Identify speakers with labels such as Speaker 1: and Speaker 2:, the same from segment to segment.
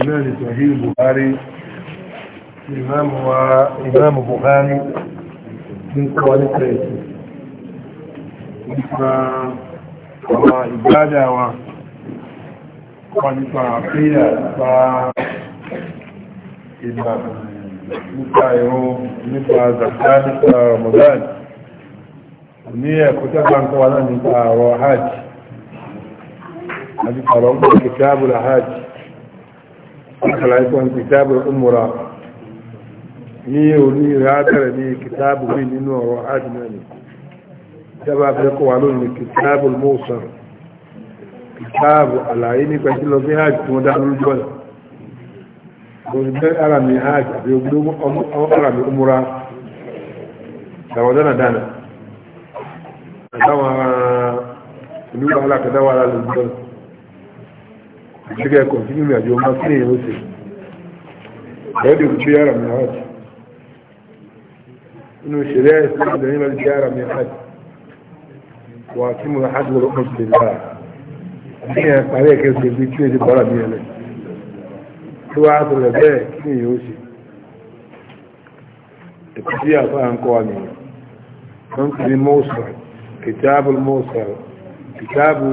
Speaker 1: iná ní sọ̀hí buhari ìmáàmù wa ìmáàmù buhari ní kọ́ ní pẹ̀lú nípa àwọn ìgbádà wa wà nípa àfíyà nípa ìgbà nípa ìrún nípa zàkà nípa ramadan ní ẹ̀kọ́ tẹ́gbà ń kọ́ wa náà nípa àwọn hajj àti àwọn ìkẹ́ àbúrà hajj àkàlàìfọ́n kìtàbù umura ní orí rátàrẹ̀ ní kìtàbù rí nínú ọ̀rọ̀ adìmẹ́lì jábà fẹ́kọ̀ wà lónìí kìtàbù mọ́sàn kìtàbù àlàyé nípa ìjìlọ bí hajj tí wọ́n dá lójú ọ̀nà òṣìṣẹ́ ara mi hajj àbí ogún gẹ́gẹ́ kọ̀tínú ìrìnàjò ọmọ sí èèyàn ó sì lọ́dẹ̀ òkú yára mi hajj inú ìṣẹ̀lẹ̀ ẹ̀sìn ìdẹ̀yìn lọ́dẹ̀ yára mi hajj wà tí mo hajj wọ́n lọ́pọ̀ sí ìlà ní ẹ̀ parí ẹ̀kẹ́ sí ibi tí ó ti bọ́ra mi ẹlẹ́ tí wàá sọ̀rọ̀ bẹ́ẹ̀ kí ni yóò ṣe èkó sí àfa à ń kọ́ àmì wọ́n ti ní mọ́ọ̀sọ̀ kìtàbù mọ́ọ̀sọ̀ kìtàbù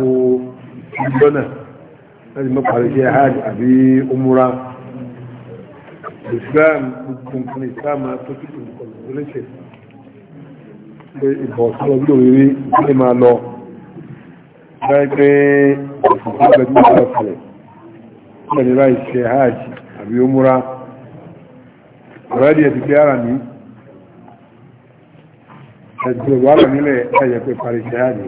Speaker 1: ìjọ́nà láti mọ́ parí iṣẹ́ hajj àbí umura islam gbogbo nǹkan islam tó ti tún kọ̀ lóríṣẹ́ pé ìbọ̀ sọ́rọ̀ bí òrírí ìpínlẹ̀ máa lọ báyìí pé ọ̀sùn tó gbẹ̀jú ìjọba kalẹ̀ pẹ̀lú bá iṣẹ́ hajj àbí umura ọ̀rẹ́dì ẹ̀sìn pé ara ní ẹ̀sìn wàhálà nílẹ̀ ẹ̀yẹ̀ pé parí iṣẹ́ hajj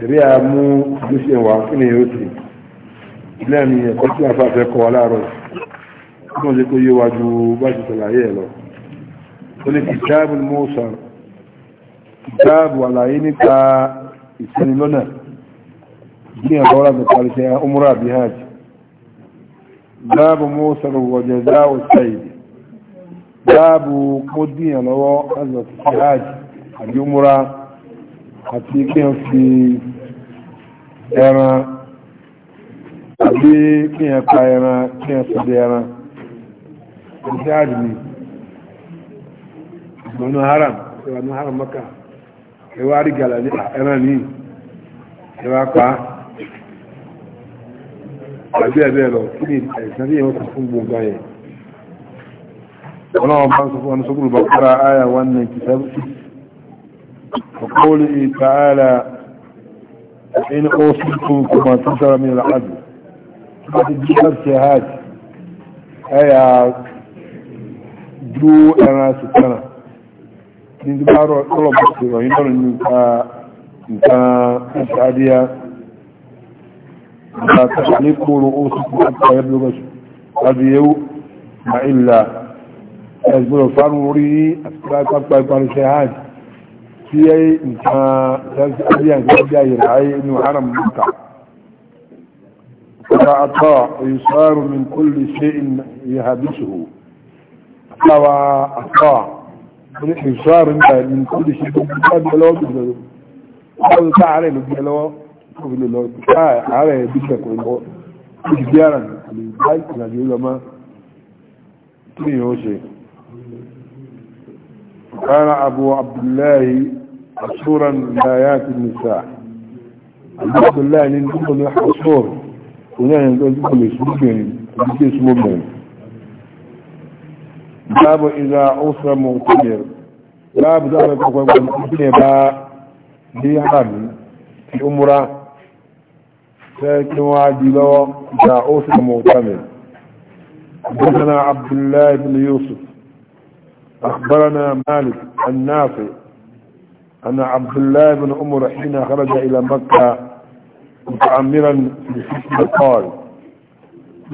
Speaker 1: ẹ̀rí àmú ìgbésẹ̀ wa kí ni yóò ti ilé ẹ̀mí ẹ̀kọ́ tí wọ́n fàfẹ́ kọ́ aláàrọ̀ kí wọ́n jẹ́ kó yé wa ju bá ti sàlàyé ẹ̀ lọ ó ní kìtáàbù ni mo sọ kìtáàbù àlàyé nípa ìsẹ́nilọ́nà ní àbọ̀wọ́lá nípa ìṣẹ́ umra àbí hajj báàbù mo sọ wọ̀jẹ̀ záwọ̀ sẹ́yìn báàbù kó díyàn lọ́wọ́ láti lọ hajj àbí umra àti kí n fi ẹran àbí kí n pa ẹran kí n sọdẹ ẹran ìṣẹ́ àdìní ìgbónú haram ìwànú haram maka ẹwà rí gàlà ní ẹran ní ẹwà pa àbí ẹ̀bẹ̀ lọ kí ni ẹ̀sán tí yẹn fún gbogbo ayẹ ọlọ́wọ́ bá ń sọ fún ọ̀nà sókùrù bá kára áyà 197 وقوله تعالى إن أوصيكم كما تنتهى من العدل ما تجيبر شهاد أي جو أنا ستنا من دبار طلب السيرة ينور إنك إنك أسعدية
Speaker 2: لا تحلقوا
Speaker 1: رؤوسكم حتى يبلغ أديو ما إلا يجبر الفان وريه أسلاك أكبر شهاد tí ẹ nǹkan lábíyànjú ayé inú haram mọ́ta ọ̀rọ̀ àtọ́ ìṣọ́rọ̀ min kúlù ṣe ìhàbíṣòwò àtàwà àtọ́ ìṣọ́rọ̀ min kúlù ṣe gbogbo lọ́wọ́ ọdún tá ààrẹ ló gbé lọ́wọ́ òfin lọ tá ààrẹ bí kẹ̀kọ́ lọ́wọ́ ó ti gbé ara nì àlè bá ìrìnàjò lọ mọ́ kí ni yóò ṣe قال أبو عبد الله عصورا لآيات النساء الحمد لله ان نقول نحن عصور ونحن نقول اسمهم نقول اسمهم باب إذا عصر مغتمر باب ذلك مغتمر با دي حال في أمرا ساكن وعدي إذا عصر مغتمر حدثنا عبد الله بن يوسف أخبرنا مالك النافع أن عبد الله بن عمر حين خرج إلى مكة متعمرا بحكم قال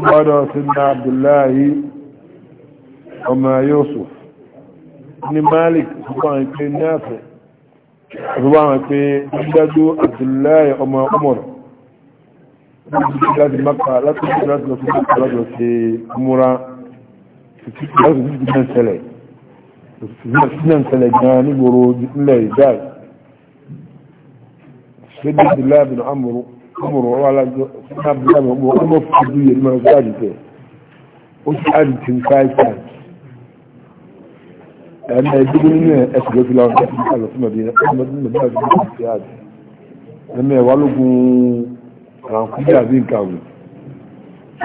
Speaker 1: قال سيدنا عبد الله وما يوسف بن مالك سبحانه يكون نافع سبحانه يكون عبد الله وما عمر بلاد مكة لا تجد لا تجد لا تجد لا تجد لا تجد sílẹ̀ tẹ̀lẹ̀ gan nígboro nílẹ̀ ìdáì ṣébí ìdíláàbìn amúrú amúrú ọlájọ́ ìdáàbìn amúrú ọmọ fìdú yẹn máa gbá àdìtẹ̀ ó sì àdìtì ń five times ẹ̀mẹ́ ìdígbé nínú ẹ̀sùn ló fi láwọn ẹ̀sùn ní àlọ́ sí mọ̀bí ẹ̀mẹ́ ìdígbé nínú ẹ̀sùn ló fi àdì ẹ̀mẹ́ ìwà lógun ràǹkúndé àbí nǹkan àwìn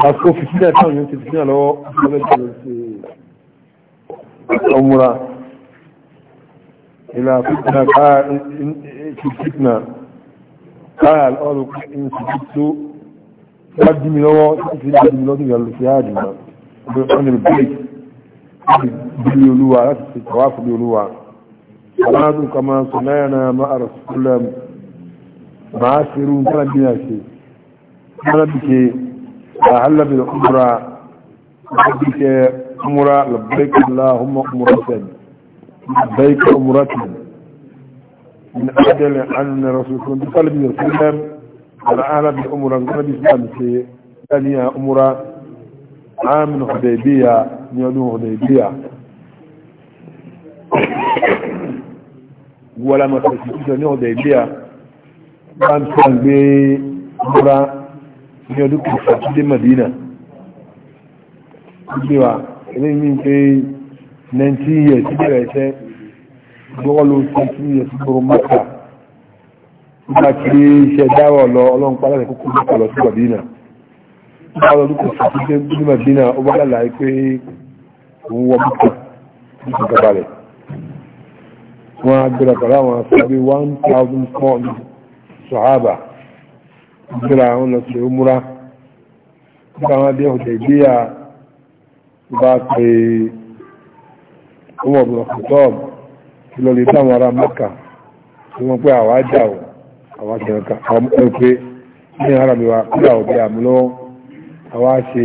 Speaker 1: àti òfìsí náà táwọn yóò ti fi náà lọ́wọ́ ọmọ ẹgbẹ́ الأمر إلى فتنة قال في الفتنة قال أولك إن سجدت قدم له في قدم له قال له في هذه عن البيت باليلوى لا تتواف باليلوى صلاة كما صلينا مع رسول الله مع سيرون كان بنا شيء كان بك أهل بالعمرة بك عمرة لبيك اللهم عمرة
Speaker 3: لبيك عمرة
Speaker 1: من أجل أن رسول الله صلى الله عليه وسلم على أهل بعمرة قال بإسلام سي ثانية عمرة عام حديبية يدو حديبية ولا ما تسجد حديبية كان كان بعمرة يدو كفتي مدينة Thank you. eléyìí ń pé 19 years bẹ̀rẹ̀ ẹ̀ṣẹ́ gbọ́ọ̀lù 19 years gbọ́rọ̀ mọ́ta nígbà tí iṣẹ́ dáwọ̀ lọ ọlọ́run padà rẹ̀ kókó mọ́ta lọ sí Madina báwọn olùkọ́ sí pé ní Madina ó bá lálàá pé òun wọ mọ́ta nígbà kaba wọ́n á pẹ̀lú àwọn afẹ́bí 1400 sọ̀hábà gbéra wọn lọ sí nígbà wọn dé ọ̀dẹ̀ ìgbéyà bá pe ọmọ ọ̀bùn ọ̀kọ̀tọ́ọ̀bù kí lọ lè dáwọn ará mẹ́ka tí wọ́n pé àwọn ajá ò àwọn akẹ́kọ̀ọ́ àwọn pé ní ara mi wà kúrò àwọn òbí àmì lọ́wọ́ àwọn àṣe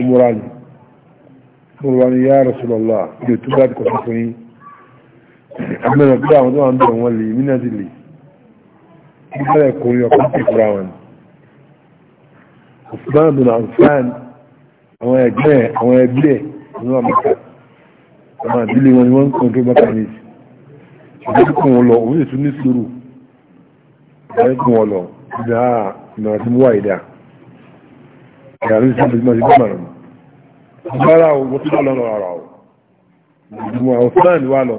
Speaker 1: ìmúra nì mo rọ ni yára sọ̀rọ̀ lọ àbí òtún bá ti kọ̀ fún yín àmẹ́rẹ̀ pé àwọn tó wà ń bẹ̀rẹ̀ wọn àwọn ẹgbẹ́ àwọn ẹgbẹ́ ní wọn mẹ́ta àwọn àdílé wọn ni wọ́n ń kọ́ńtró mechanism ṣùgbọ́n kí wọ́n lọ òun ètò ní sùúrù ìdáyé kí wọ́n lọ ìdá ìmọ̀ràn tí mo wà ìdá ìyàrá ìṣẹ́ ìṣẹ́ ìṣẹ́ ìmọ̀ràn ìgbára o mo tún lọ lọ́rọ̀ o ìgbìmọ̀ àwọn fúlàní wà lọ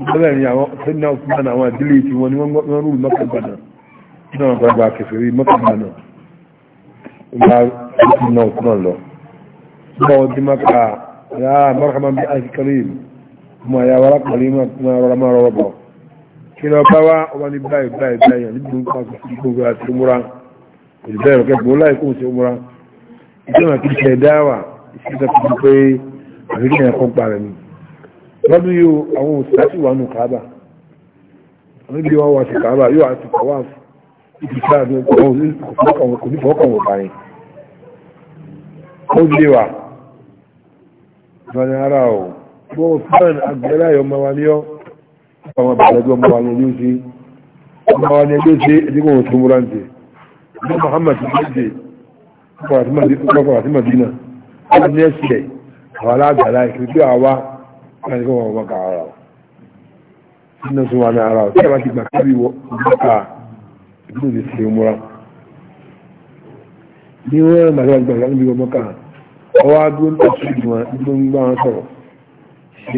Speaker 1: ìgbàlẹ̀ ni àwọn fúlàní fúlàní àwọn àdílé tí wọ́n ni wọ́n يكون نوكنا له ما قدمك يا مرحبا بأهل كريم ما يا ورق كريم ما رمى ربه كلا بوا وان باي باي باي يعني بدون قاس يكون قاس عمران البير كيف ولا يكون في عمران كما كل شيء دعوة إذا كنت في أفريقيا يقوم بعلمي lọ́dún yóò àwọn òsìláṣì wà nù kàábà níbi wọn wà sí kàábà yóò àti kàwáàfù ìdíkà ní ọkọ̀ òní fọ́kànwò báyìí ó lè wà lọ́nà ara ò bó fún àgbẹ̀lá ọmọ wa ní ọ́ ọmọ bàbájọ́ ọmọ wa ní ẹjọ́ sí ọmọ wa ní ẹjọ́ sí ẹdínkù tó múra ń tè ní Muhammad méje kọkọ àti Madina ọmọ ní ẹsẹ̀ àwọn alágbàlá ìkìlì tí a wá láti kọ́ ọmọ kà ara ò nínú tó wà ní ara ò tí a bá ti gbà kábí wọ ọmọ kà ìdílé ti ṣe múra ní wọ́n rẹ̀ màdá gbàgbà níbi ọmọ kà ọwá dúró ní ọ̀sẹ̀ ìgbìmọ̀ ìgbìmọ̀ ń gbá wọn sọ̀rọ̀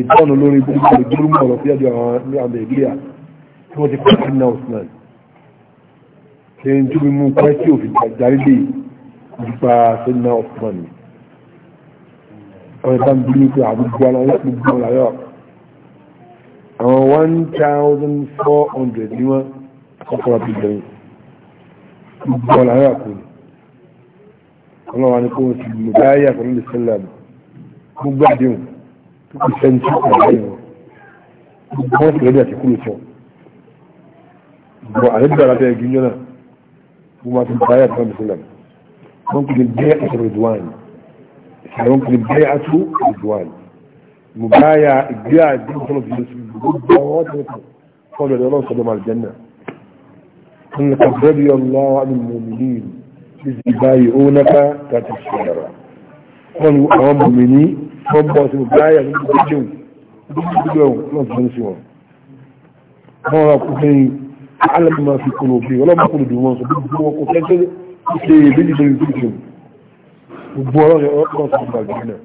Speaker 1: ìtọ́nù lórí gbogbo ìgbìmọ̀ ọ̀rọ̀ sí ẹ̀dọ̀ àwọn ní àmì ìgbìyà tí wọ́n ti kọ́ sí náà osman ṣe ń túbí mú pẹ́sì òfin àjárídé nípa sí náà osman ni wọ́n bá ń bí ní pé àbúgbó aláwọ̀ láyọ̀ àwọn one thousand four hundred ni wọ́n kọ́kọ́rọ́ bí bẹ̀rẹ̀ gbogbo aláyọ̀ ọlọ́wà ní kó ti mùdáyà pẹ̀lú ìsìlámù gbogbo àdéhùn tó kù sẹ́ńtì àbáyọ̀ gbogbo wọn ti rẹ́dí àti kúrò sọ gbogbo àdébìdà lábẹ́ ẹgbẹ́ yọ́nà gbogbo àti mùdáyà pẹ̀lú ìsìlámù wọn kò ní bẹ́ àtọ̀rọ̀ ìdùwàn ìsìlámù kò ní bẹ́ àtọ̀ ìdùwàn mùdáyà ìgbé àdéhùn sọ́nà ìdílé sí gbogbo àwọn ọ̀tọ̀ fọ́ọ̀lù ọ̀dọ̀ ọlọ́sọ̀dọ̀ màlìjẹ́nà ìbáyé ó náà láti ṣẹ̀rọ wọn àwọn bùnmi ní wọ́n bọ́ sí báyà ní ìgbẹ́jẹun ìgbẹ́jẹun náà fún sí wọn wọ́n rà kó fẹ́ alẹ́mọ̀ fi kúrò bí ọlọ́mọ kúrò dùn wọn sọ bí gbogbo wọn kò fẹ́ tó ṣe ìbéjì tó ìbéjì tó gbogbo ọlọ́run ọlọ́run sọ gbà jù náà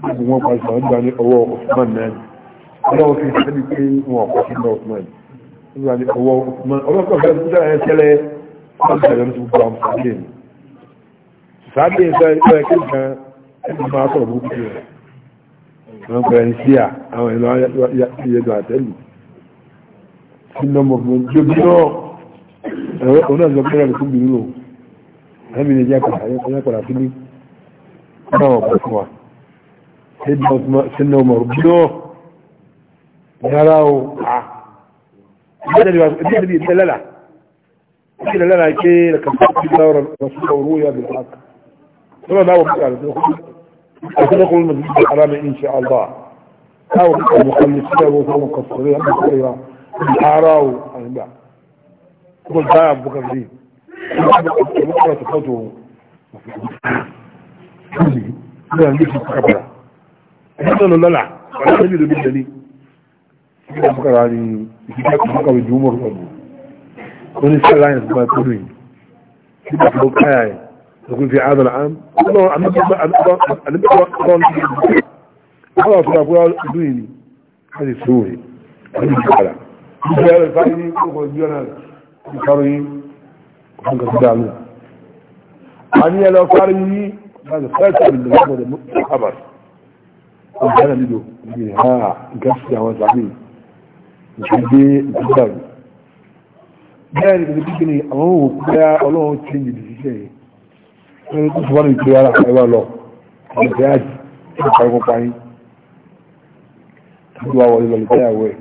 Speaker 1: gbogbo wọn pàṣẹ àwọn gbà ní ọwọ́ Osman náà ọlọ́run fi sẹ́ni pé wọn ọ̀pọ̀ sí ọwọ́ ọlọ́run kọ̀ fẹ́
Speaker 2: ọ̀sẹ̀ lẹ́nu tó gbọ́ àwọn sàbí ẹ̀mí
Speaker 1: sàbí ẹ̀fẹ́ ẹ̀fẹ́ kékan ẹ̀mí máa sọ̀rọ̀ burúkú rẹ̀ wọ́n pẹ̀lú sí à àwọn ìlú ìyẹ̀dọ̀ àtẹ́lù sí nọ́mbọ̀ fún ojú bí náà ẹ̀rọ òun náà lọ́pẹ́ rẹ̀ fún bìrú lòun ẹ̀mí lè jẹ́ àpàdà sí ní náà ọ̀pọ̀ fún wa sí nọ́mbọ̀ bí náà yàrá o à ìgbẹ́dẹ̀ bí ìgbẹ́lẹ́lá لكن لنا كيل كم تدور رسول ورؤيا بالحق ثم ما وقت على أصدقوا المسجد الحرام إن شاء الله أو المخلصين وهم مقصرين مقصرين الحارة والأنباء ثم ده أبو كريم بكرة تفوته أنا عندي في الكبرى أنا لا لا أنا أريد بالدليل بكرة يعني يجيك بكرة الجمهور oníṣẹ́láyìn fún ẹkùnrin yìí nígbà tó káyà ẹ̀ lókun fi àádọ́lá ám ọlọ́run àmìbọ̀n ní ọlọ́run fún àkúrà ọdún yìí a lè fún òye wọ́n ní ìjọba ìjọba ẹ̀rọ ìfáyé ní ọkọ̀ ìjọba náà ti sáré yìí ọ̀hún kan tó dá lù a ní ẹlọ sáré yìí láti fẹ́ẹ̀sì àmì lọ́wọ́ ọ̀dọ̀ mọ́kàbàr ọ̀hún kan nílò ìgbìyànjú àwọn ìgbàsí àwọn ìgbàgbé ìgbàgbé ìgbàgbé bẹ́ẹ̀ ni kìkì ni àwọn òwò pẹ́yà ọlọ́run ti ní ìdíṣẹ́ yìí wọ́n tó sọ́wọ́n ní ìpínlẹ̀ àríwá lọ ọ̀gbẹ́ àjì tí ó parí kọpa yín tó wà wọlé lọlẹ̀ tẹ́yàwó ẹ̀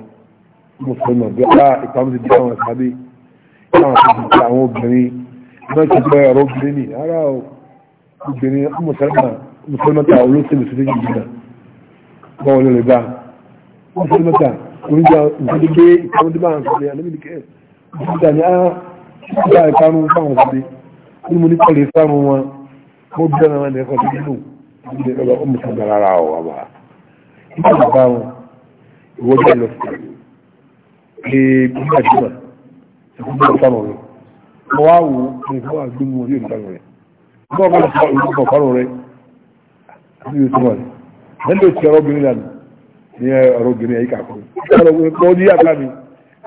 Speaker 1: mo fẹ́ mọ̀ bí ọlá ìpamọ́ ti dá àwọn ìpàdé láwọn tó ti ta àwọn obìnrin náà ti gbọ́ ẹ̀rọ obìnrin ni ara obìnrin mùsùlùmọ́ta olóṣèlú mùsùlùmí yìí náà wọ́n wọlé lọ bá mùsùlùmọ́ta oníjà ìpàdé ìpàdé bá àwọn ìpàdé ìgbà ní á ìgbà ìparun fáwọn òbí ní mo ní kọ́ lè fárun wọn mo bí ọ̀nà wọn ẹ̀kọ́ tó nílò ìdílé ọlọ́ ọmọ tó dára ara ọ̀ wà nígbà tó bá wọn ìwọ bí ẹlọ sí ẹ gbígbà jùlọ ẹkún bá fárun rẹ mo wá wò ó ní ìfọwọ́ àgbẹ̀mú wọn yóò ẹ̀yíkà kú ọ̀rọ̀ obìnrin kọ́ ní àgbà mi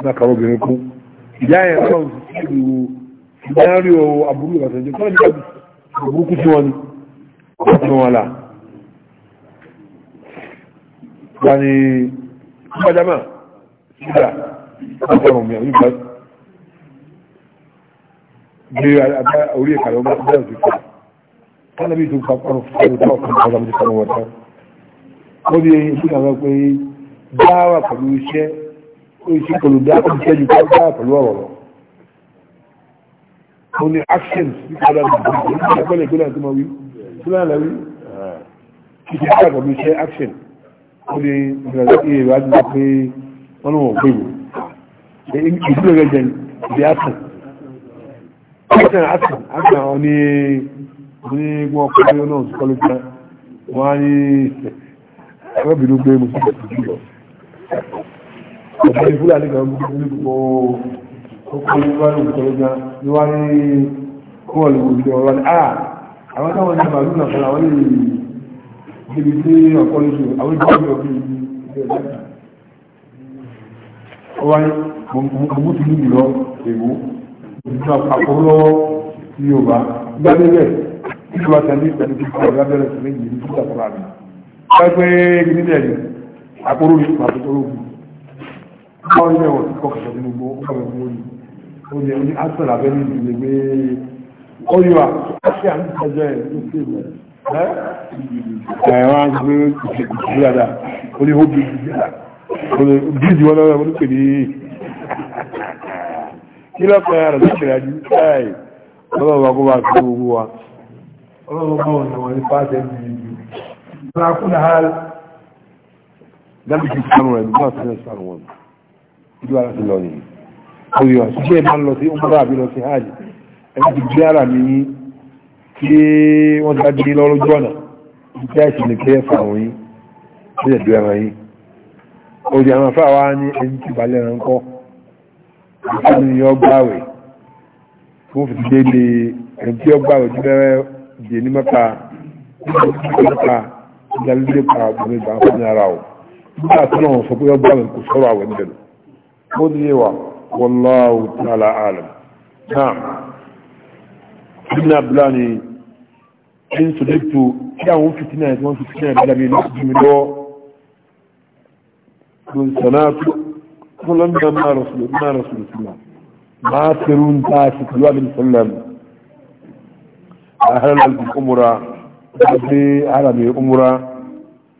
Speaker 1: ní àkàrọ̀ obìnrin ìyá ẹ̀ kọ́ ìlú ìdárí o aburú ìbàtẹ̀jẹ́ kọ́ ní aburú kú sí wọn ni ọ̀pọ̀ wọn là wà ní ìpàdámà sídà ọ̀pọ̀rọ̀ mi àwọn ìgbà gbé orí ìkàlẹ̀ ọmọ ìgbà òjò kọ́ tánàbí tó pàpàrọ̀ fún ọ̀pọ̀ ọ̀pọ̀ ọ̀pọ̀ ọ̀pọ̀ oṣù olùdí akọ̀jẹ́ ju káńtà pẹ̀lú ọ̀rọ̀ lọ. mo ní actions bí kọ́dà ní ìgbìmọ̀ ní ìgbẹ́lẹ̀ ìgbẹ́lẹ̀ tó máa wí fúlàn lẹ́wí kìkì ká pẹ̀lú iṣẹ́ action ó ní ìrìnàjò ìwádìí lọ pé wọ́n náà wọ̀ pé wò ìdílé rẹ̀ jẹ́ ìdí action action action action ọ ní ní gbọ́n ọkọ̀ ní ọ̀nà òṣìkọ́ ló jẹ́ wọ́n á ní ẹgbẹ́ bínú gbé mo sì bẹ̀rẹ̀ jù lọ ọ̀gbẹ́ ìfúlàní kan gbogbo ọkọ̀ ìwárí ìtọ́lọ́gbà níwárí kọ́ọ̀lù òjò ọ̀rọ̀ ni àà àwọn táwọn ní àbàlú náà fọ́nà wọ́n lè débi tí ọ̀kọ́ lóṣù àwọn ìgbàlódé ọ̀gbìn ìgbàlódé ọwá ní mo ti níbi lọ èwo ìjọ àkọ́lọ́ ní yorùbá gbàdébẹ̀ ìjọba tẹ̀lé ìtẹ̀lé ti kọ́ ọ̀gá bẹ̀rẹ̀ sí ní ìlú tó dàpọ̀ àmì pẹ́pẹ́ báwo ni ẹ̀wọ̀n kọ́ kẹsẹ̀ nínú gbọ́ ó bàbá mú orí ó ní ẹni asọ̀rọ̀ abẹ́ ní ìdílé gbé ọyọ àṣẹ àmúkọjọ ẹ̀ ló ṣe ìwẹ̀ ẹ́ ẹ̀wọ̀n á gbé ìṣègùn dáadáa ó ní ó bí ìdí wọn lọ́wọ́ ó ní pè ní kí lọ́kọ̀ ẹ̀ rẹ̀ lókèrè àjú káì ọlọ́wọ́ kó bá tó gbogbo wa ọlọ́wọ́ bá wọn lọ́wọ́ ní pàṣẹ ìdílé gbé lákúnlẹ̀ hàn lábìsí sanu rẹ̀ nígbà tí wọ́n sanu wọn ìlú ara ti lọ nìyí oyè àṣìṣe ẹ̀ máa ń lọ sí ọmọdé àbí lọ sí hajj ẹni ti gbé ara mi yín kí wọ́n ti bá dé lọ́rọ́jú ọ̀nà ìgbé àìsàn ní kẹ́ fà wọ́n yín ó yẹ̀ dúró ẹran yín òdì àwọn afá wa ní ẹni tí balẹ̀ ẹran kọ́ ìfẹ́ni yọ gbáwẹ̀ fún fi dé lé ẹni tí yọ gbáwẹ̀ tí bẹ́rẹ̀ dè ní mẹ́ta mẹ́ta ìdálódé pa ọmọ ìgbà fún ara ọ̀ nígbà tí sọ pé yọ kò sọ̀rọ̀ àwẹ̀ níbẹ̀ مذيوة والله تعالى عالم نعم ابن أبلاني إن صدقت كان فتنة وان فتنة بلبي نحب من الله من سنة قلنا ما رسول ما رسول الله ما ترون تاسك صلى الله عليه وسلم أهلا بالأمرة
Speaker 3: أبي
Speaker 1: أهلا بالأمرة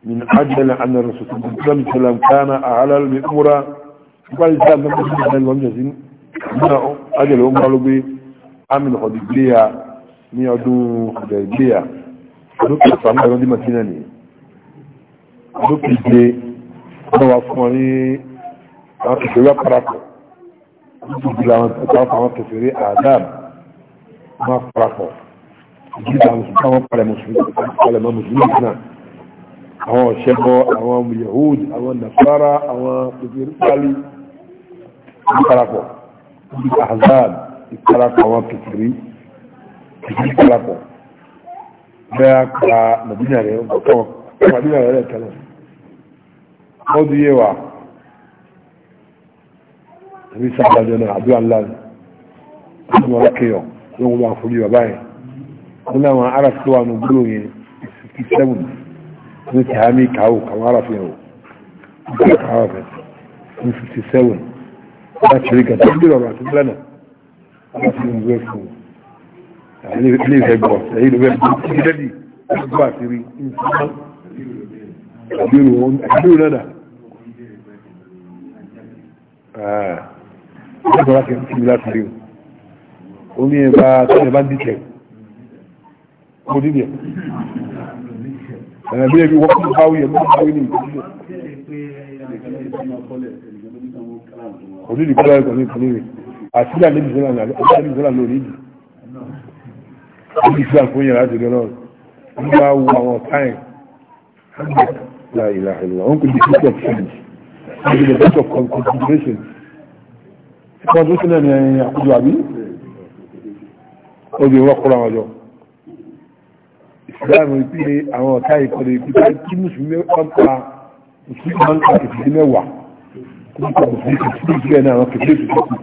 Speaker 1: من أجل أن الرسول صلى الله عليه وسلم كان أهلا بالأمرة nípa islam tó ń bọ̀ sí ìgbà lọ́njọ́ sí nígbà ajẹ́lẹ̀ ó ń bá ló gbé amin ọ̀dì gbéya ní ọdún ọ̀dẹ̀ gbéya ọdún kẹfà ní ọdún mọ̀tínà ni ọdún kẹfà wọ́n wá fún ọ ní àwọn kẹfẹ́rẹ́ parapọ̀ ọdún kẹfà àwọn kẹfẹ́rẹ́ àwọn kẹfẹ́rẹ́ adam wọ́n parapọ̀ ìgbésà mùsùlùmí àwọn palẹ̀ mùsùlùmí palẹ̀ mọ́ mùsùlùmí náà àwọn ọ̀ṣẹ́bọ àwọn yahud àwọn nasara àwọn kẹfẹ́rẹ́ pali ìparapọ̀ ahzab ìparapọ̀ àwọn kìtìrí kìtìrí parapọ̀ bẹ́ẹ̀ pa nàbínà rẹ̀ ọ̀pọ̀ nàbínà rẹ̀ tẹ́lẹ̀ ó di yé wa àbí sábàjọ náà àdúrà ńlá ni wọ́n wọ́n kéèyàn ló ń wá forí bàbá yẹn wọ́n náà wọn ara tó wà ní gbúrò yẹn sixty seven ní tìhámì kàó kàwọn ara fi hàn ó kàwọn fi hàn láti rí kàtà bí ọ̀rọ̀ àti bílánà láti rí ìwé fún
Speaker 3: ilé ìfẹ́ gbọ́ ẹ̀yìn ló fẹ́ gbọ́ sí dẹ́dì gbọ́ àti rí
Speaker 1: ìfúnná àbírò wọn àbírò náà ah. ó sọ láti rí láti rí ó ní ẹ òní ìdí kọ́lá ẹ̀kọ́ ní ìkọ́lé rẹ̀ àṣìlá níbi sọ́lá ní àṣìlá níbi sọ́lá lórí ìdí níbi sọ́lá fún yàrá àti gẹ́lọ́ ní bá wo àwọn táyìn láìlà ìlà wọn kò di six of change wọn kò di six of concentration concentration náà ni àkójọ àbí obì wọn kọ́ra wọn jọ ìsìláàmù ìpínlẹ̀ àwọn ọ̀tá ìkọlẹ̀ ìpínlẹ̀ kí mùsùlùmí ọ̀pá mùsùlùmí ọ̀pá ìpínlẹ̀ mẹ́wàá kuma kò sí kò sí bẹ́ẹ̀ náà àwọn kẹfẹ́ tó kù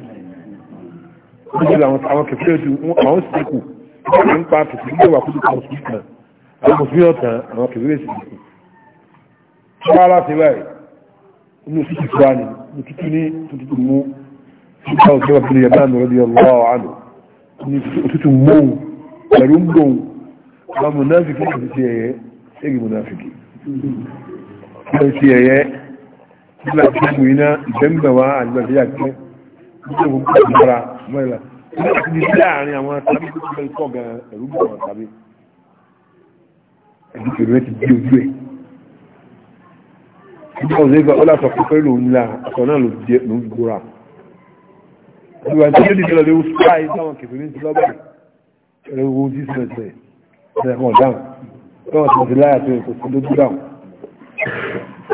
Speaker 1: wọ́n jẹ́ àwọn kẹfẹ́ tó àwọn sì kù wọ́n ń pa kẹfẹ́ tó wà kúrò kan sí kan àwọn mùsùlùmí ọ̀tàn àwọn kẹfẹ́ tó kù. ṣé wàá láti báyìí inú sísè fúra ni mo tuntun ní tuntun nígbà tí mo iná ìgbẹ́mbẹ̀wá àgbẹ̀fẹ́ àgbẹ̀ nígbà gbogbo àgbàrá mọ́ìlá nígbà tí ní láàrin àwọn tàbí tó ti tọ́ gan ẹ̀rú bọ̀ wọn tàbí ẹ̀rú kèrò rẹ ti di ojú ẹ̀ nígbà ọ̀sẹ̀ ìgbà ó látọ̀ pípẹ́ lòun la ọ̀sọ̀ náà ló di ló ń gbóra ìgbà tí ó di tẹ́lẹ̀ ló fà á táwọn kẹfẹ́ ní ti lọ́bà ẹ̀rọ owó tí sẹ̀sẹ̀ ẹ̀rọ ọ̀dáhùn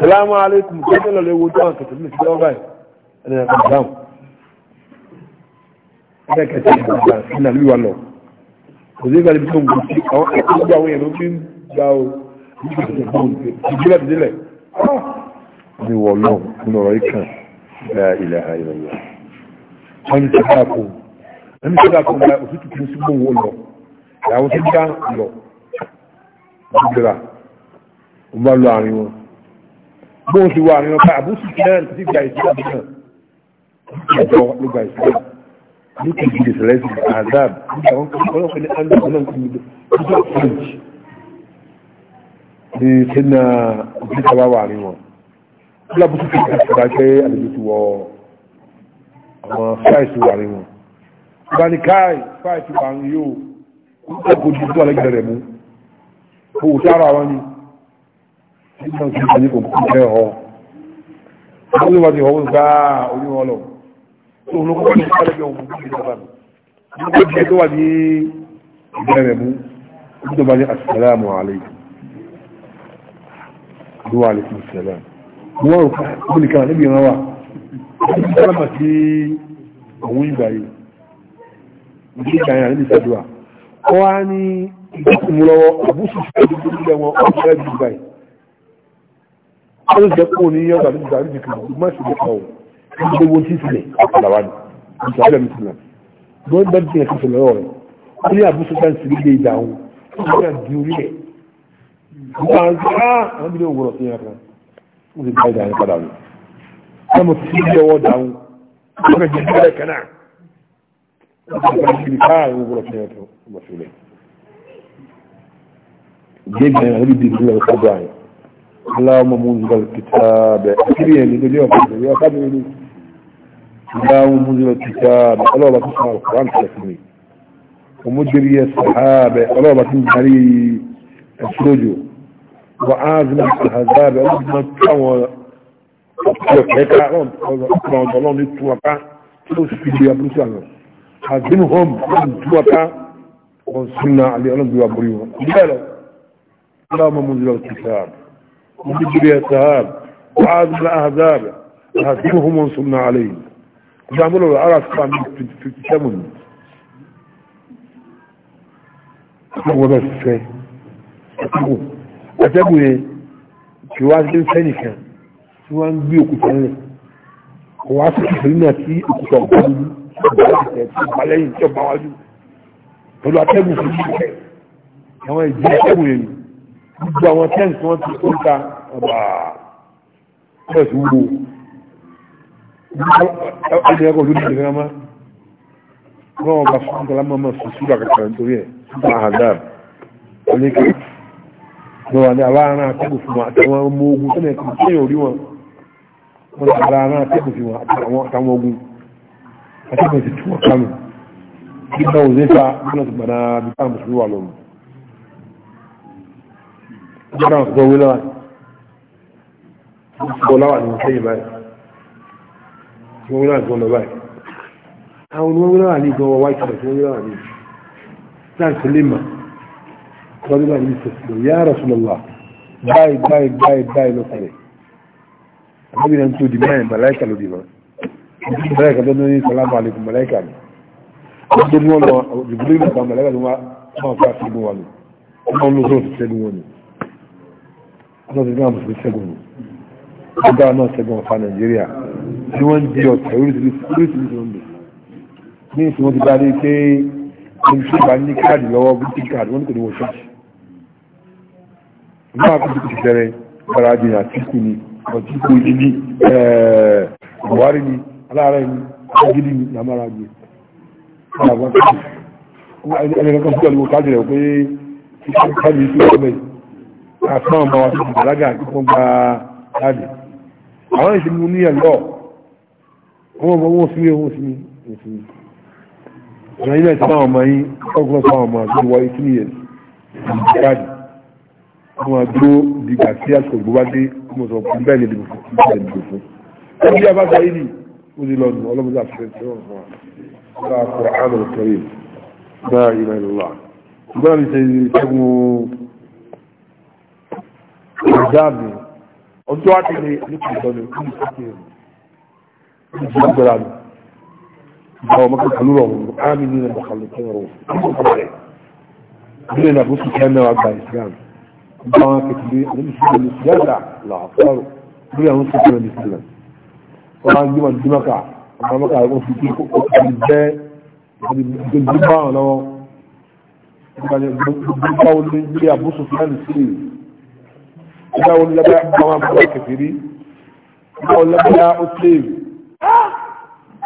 Speaker 1: salamu alaikum kẹ́kẹ́ lọ lè wo tó àkàtà ní ìṣẹ́ ọgbà ẹni ẹ̀kọ́ dáhùn ẹgbẹ́ kẹta ìgbà sínú àlúwà lọ kò sí ìgbà níbi tó ń gbé sí àwọn ẹ̀kọ́ gbogbo àwọn èèyàn ló fi ń gba o ìgbélẹ̀ ìdílẹ̀ ah! ni wọ́n lọ nínú ọ̀rọ̀ ìkàn la ilaha illallah wọ́n ní sọ́dá kò wọ́n ní sọ́dá kò gba òtútù tó ń sí gbòòwò lọ ìyàwó tó ń dá lọ wọ́n bó ṣe wà nínú ká àbúṣù náà ti gba ìsìlámù náà ẹjọ́ ló gba ìsìlámù ní kò jìnnà sẹlẹsì azab
Speaker 3: nígbà wọn kọ lọ fún ní andrew náà kò nílò nígbà french
Speaker 1: ní sínú ojú kaba wà ní wọn nígbà bó ṣe fi kàkàrà pé àlejò ti wọ àwọn fáìsì wà ní wọn nígbà ní káì fáìsì wà ní yóò nígbà kò jù tó àlejò rẹ mú kò sára wọn ni nígbà tí wọ́n ní kò kú fẹ́ ọ wọ́n ní wọ́n ti họ́wọ́ gbá oníwọ̀n lọ tó ló kọ́kọ́ ní sáré bí ọmọ ìgbà ìjọba mi nígbà tí tó wà ní ìbẹ̀rẹ̀ mú ìjọba ní asàlámù alaykum ìwà alaykum salam wọ́n rò kó nìkan níbi ìran wa sálámà sí òun ìgbà yìí ó jẹ́ kó ní yọ gàdúgbò gàdúgbò kìlọ̀ má sì lè kọ̀ ó ní owó tí sílẹ̀ àpàlàwà ni ìjọ àlẹ́ mi ti nà gbọ́n bẹ́ẹ̀ tiẹ̀ ti sọ̀rọ̀ rẹ̀ ó ní àbúṣe sáà sì lè dà ó ó ní àdí orí rẹ̀ nígbà á ah! àwọn ilé òwúrọ̀ sí yàrá ó sì bá ìdá yẹn padà rẹ̀ ẹ mo ti sí ìdílé ọ̀sán bọ̀ àyẹ̀. اللهم منزل الكتاب كريان اليوم يا كامل اللهم منزل الكتاب اللهم تسمع القرآن تسمي ومجري الصحابة اللهم تنجري السجو وعازم الحزاب اللهم تكوى اللهم تتوقع تسفي يا بلسان عزمهم تتوقع وانصرنا علي اللهم يبريون اللهم منزل الكتاب مجري السهاب وعاد من الأهزاب أهزمهم وانصرنا عليهم يعملوا العرس في التمن هو بس أتبوا إيه tí wá sí sẹ́nìkan tí wọ́n ń gbé òkúta ńlẹ̀ kò wá sí ìfẹ́ náà tí òkúta ọ̀gbọ́nú ìgbàlẹ́yìn tí ọba wájú pẹ̀lú atẹ́gùn fún ìṣẹ́ àwọn ìdí gbogbo àwọn tẹ́ǹtì wọ́n ti kún ta ọba ẹ̀sù wúwo ẹni ẹkọ̀ lórí ìdílé ọmọ náà ọba fún ọ̀tọ̀lá mọ́ mọ́ fún ṣúgbà kàkàrà nítorí ẹ̀ ṣúgbà àdáà oníkè ló wà ní aláàrán akẹ́kọ̀ọ́ fún wọn àtàwọn ọmọ ogun tó nẹ̀kọ́ tí yóò rí wọn wọn ní aláàrán akẹ́kọ̀ọ́ fún wọn àtàwọn ogun akẹ́kọ̀ọ́ sì tún wọn kánú nígbà òzéfà bí wọn ti gbàdá bí táwọn mùsùlùmí wà lọ́rùn jọ́nà kò wí lọ́wọ́ kò láwà ní sẹ́yìn báyìí kò wí láwà gbọ́nà báyìí àwọn oníwọ́n wí láwà ní ìgbọ́n wọ́n wáìtì rẹ̀ kò wí láwà ní náà kò lè mà lọ́dún náà ní sọ̀tún yá Rasulullah báyìí báyìí báyìí báyìí lọ́kùnrin àbẹ́bí náà tó di mẹ́rin màláìkà ló di mọ́ màláìkà tó ní salamu alaikum màláìkà ni wọ́n tó ní wọ́n lọ jùbúlé nípa màláìkà ló wá wọ́n fà sí gbọ́n wa lò wọ́n lọ́sọ̀rọ̀ ti sẹ́gun wọn ni ọlọ́dún náà mùsùlùmí ṣẹ́gun ní ọgbà náà ṣẹ́gun ọ̀fà nàìjíríà tí wọ́n ń di ọ̀tẹ̀ oríṣiríṣi oúnjẹ ní ìsìn wọn ti bá dé pé ẹni tí ó bá ní káàdì lọ́wọ́ bíi káàdì wọn kò ní wọ ṣọ́ọ̀ṣì náà kò tó ti fẹ́rẹ̀ gbáradì àtìkù ni ọ̀tíkù ìdí Buhari ni aláàárẹ̀ ni ọ̀gídì ni làmára gbé ẹni kankan fún ọ̀lùwọ̀ káàdì rẹ̀ pé káàdì yìí ti wọ́n mẹ́yìn àtúnwọ̀n ọmọ wọn tó ti bàlágà tó gba láàdì àwọn ìṣe mú ní ẹ̀lọ́ wọ́n mọ̀ wọ́n sí owó sí ìsìn ọ̀nà ilẹ̀ tí wọ́n mọ̀ yín ọgbọ́n sọ ọmọ àti ìwọ ìsìn yẹn láàdì wọ́n máa dúró dìgbà sí àsìkò ìgbówá dé mo sọ fún bẹ́ẹ̀ ni dìbò fún bẹ́ẹ̀ ni dìbò fún ẹbí yà bá sọ yìí ni ó ti lọ nù ọlọ́mọdé àfẹ́ tí wọ́n fún wa láàkùrọ̀ àmọ̀ kẹrin náà ìlànà ìlú wa ìgbọ́n mi ṣe ṣẹ́gun ìjáàmì ọjọ́ àtẹ̀lé nípa ìjọba ìlú ìsókè rẹ̀ ìjì agbára mi ìjọba ọmọ kankan ló rọrùn ámì ní ẹ̀bà kan lókè rọ̀ ní ẹ̀nà bó sùn kẹ́mẹ́ wa gba ìsìlámù ìjọba wọn kékeré àlébì sí ìjọba ìsìlámù làákọ́rọ̀ lórí àwọn tó kẹ́rẹ́ ní ìsìlámù wọn á gbé wọn dí ìgbà wo lọ́gbà àwọn àbúrò kẹfìrí ìgbà wo lọ́gbà ó tèèrè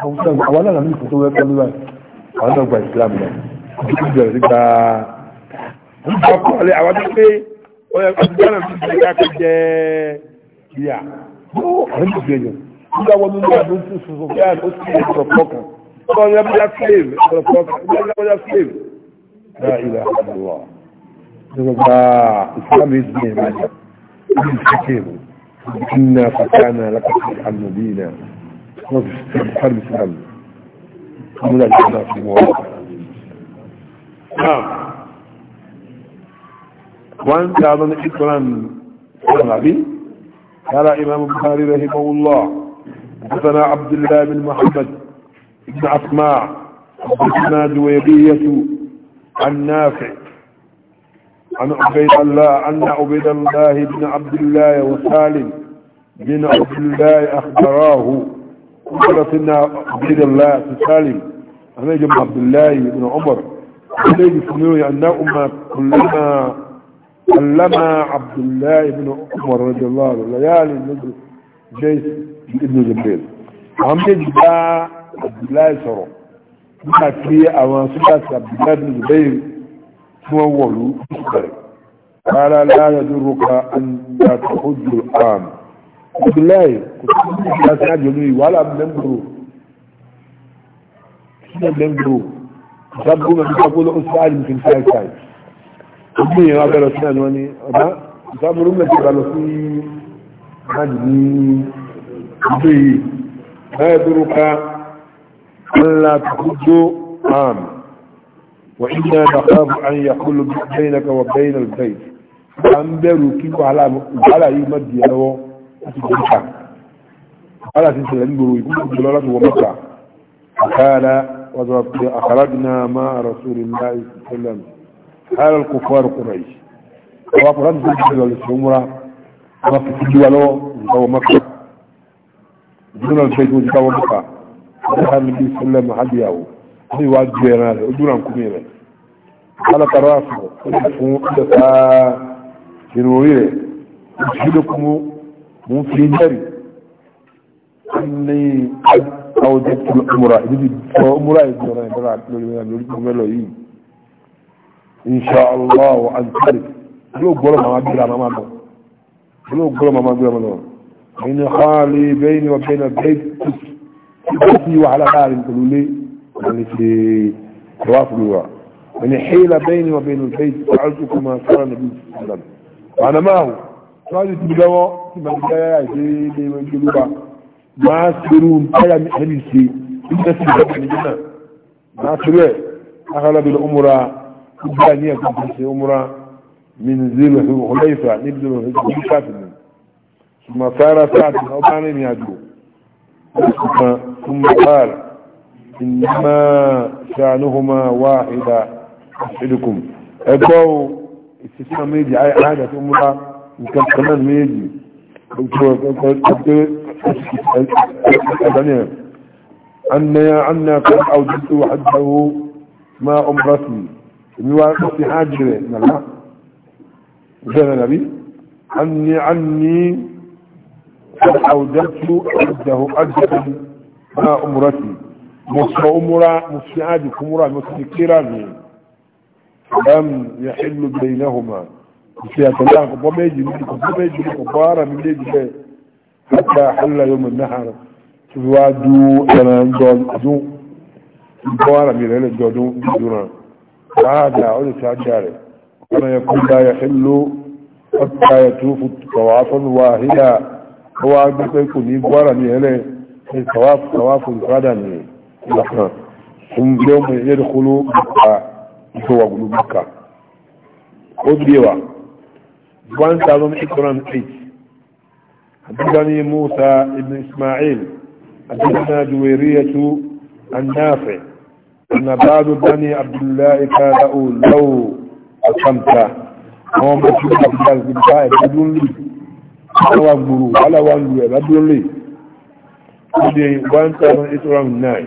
Speaker 1: àwọn náà ní ìfòsó wẹ́ pẹ̀lú rẹ̀ àwọn náà gba islam lọ ojú bẹ̀rẹ̀ sí gba wọ́n gba kọ́ọ̀lẹ̀ àwọn tó pé ọjọ́ náà ti jẹ́ káàkiri jẹ́ bíyà àwọn tó fi ẹ̀yọ̀ nígbà wọn nínú ọdún tó sọ̀sọ̀ bí àwọn tó ti ẹ̀yọ̀ sọ̀rọ̀ pọ̀kan wọ́n yẹ bí a slave كثير إنا فكان لك فتحا مبينا وفي السلام من الجنة في مواقع نعم وانت أظن إكرام النبي قال إمام البخاري رحمه الله حدثنا عبد الله بن محمد بن عثمان حدثنا دويبية عن نافع عن عبيد الله عن عبيد الله بن عبد الله وسالم بن عبد الله أخبراه قال سيدنا عبيد الله سالم أنا جمع عبد الله بن عمر سنوي أن أم كلما كلما عبد الله بن عمر رضي الله عنه ليالي النجم جيس ابن جبريل عم يجبع عبد الله سرم ما في أوان عبد الله بن جبريل فوولوا بسكري قال لا يدرك أن تحج الآن بالله كنت لا تعجلني ولا بنمدرو كنا بنمدرو تبقون بتقول أسفال يمكن ساي ساي أبني يا أبا لسنان واني أبا تبقون لك أبا لسنان هجني أبي لا يدرك أن لا تحج الآن وإنا نخاف أن يقول بينك وبين البيت أن بيروكيك على على يمد يلو أتجمعك على سلسلة نبرو يكون جلالة ومكة قال أخرجنا مع رسول الله صلى الله عليه وسلم قال الكفار قريش وقرأت سلسلة للسمرة وفي جلالة ومكة دون البيت وجهة مكة قال النبي صلى الله عليه وسلم هديه ní iwájú ẹran rẹ̀ ojú ra nkúmi rẹ̀ alátara àfọ̀ ó lè fún ìdọ̀ta irun orí rẹ̀ ìṣílẹ̀kùn mú fi jẹ́rì ní àwọn jẹ́ tó múra ìdíbi tó múra ìdíbi ọ̀rọ̀ ìdọ́ra lórí mẹ́rin lórí mú mẹ́lọ yìí insha allah wa an tari yóò gbọ́rọ̀ màmá bíra màmá lọ yóò gbọ́rọ̀ màmá bíra màmá lọ ẹni xaali bẹ́ẹ̀ ni wà bẹ́ẹ̀ na bẹ́ẹ̀ tó ti wàhálà láàrin pẹ̀lú lé يعني في طواف الوراء يعني حيل بيني وبين البيت فعلتكما صلى النبي صلى الله عليه وسلم وانا معه قالت بلوى ما بداية جيدي من ما سرون ألا من أهل السي إنت سيدة من جنة ما سرون أغلب الأمراء كبانية كبانية أمراء من ذي الحليفة نبذل الحليفة ثم صار ساعة أو بانين يدعو ثم صار إنما شأنهما واحدا أحدكم أبو استثناء ميدي عادة أمها يمكن كمان ميدي أن أن قد أوجدت وحده ما أمرتني في حاجة نلا نعم. جانا النبي أني عني قد أوجدت وحده أجل ما أمرتني mo sọ umura mo fi ájì kúmúra mo ti kíra mi lam ya ilu bẹ̀rẹ̀ iná hùmà ìfi àtàlẹ́ àkọ́kọ́ méjì ní ìkọ̀kọ́ méjì ní ìkọ̀kọ́ ara mi méjì bẹ́ẹ̀ hàtà hàlà yóò mọ̀ náhàrà tó fi wá du ẹran dún ìbọn ara mi rẹ̀ lè jọ dún ìdúrà láàdà ó lè ti ájà rẹ̀ ọ̀nà yẹ kú da ya ilu ọ̀tà ya tó fi tọ̀wá fún wa híyà ó wá gbé pé kò ní bọ́ ara mi rẹ̀ lè tọ̀wá fún ìfádà nìyẹn الأخرى هم يوم يدخلوا مكة يسوى قلوب مكة أدريوا 1808 حدثني موسى بن إسماعيل حدثنا جويرية النافع أن بعض بني عبد الله كانوا لو أقمت
Speaker 2: وهم مسؤول عبد
Speaker 1: الله بن سعيد بدون لي ولا غرو ولا وان لي بدون لي 1809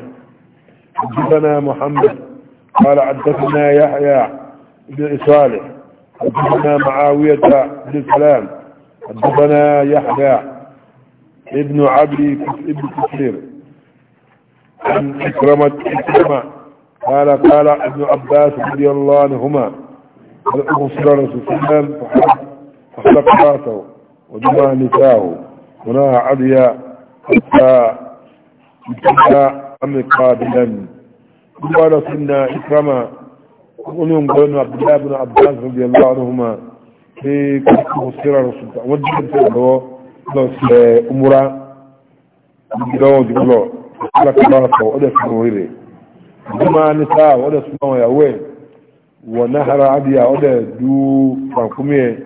Speaker 1: حدثنا محمد قال حدثنا يحيى بن صالح حدثنا معاوية بن سلام حدثنا يحيى ابن عبد ابن كثير عن إكرمة إكرمة قال قال ابن عباس رضي الله عنهما قال أغسل رسول الله فحلق راسه وجمع نساه ونهى عليا حتى أم قابلا قال سنة إكرمة قلهم قلنا عبد الله بن عباس رضي الله عنهما في كتبه السيرة رسول الله وجدت الله أمورا جواز الله لك الله سوى أدى سنوهره جمع نساء وأدى سنوه يا وين ونهر عبيا أدى دو فانكمية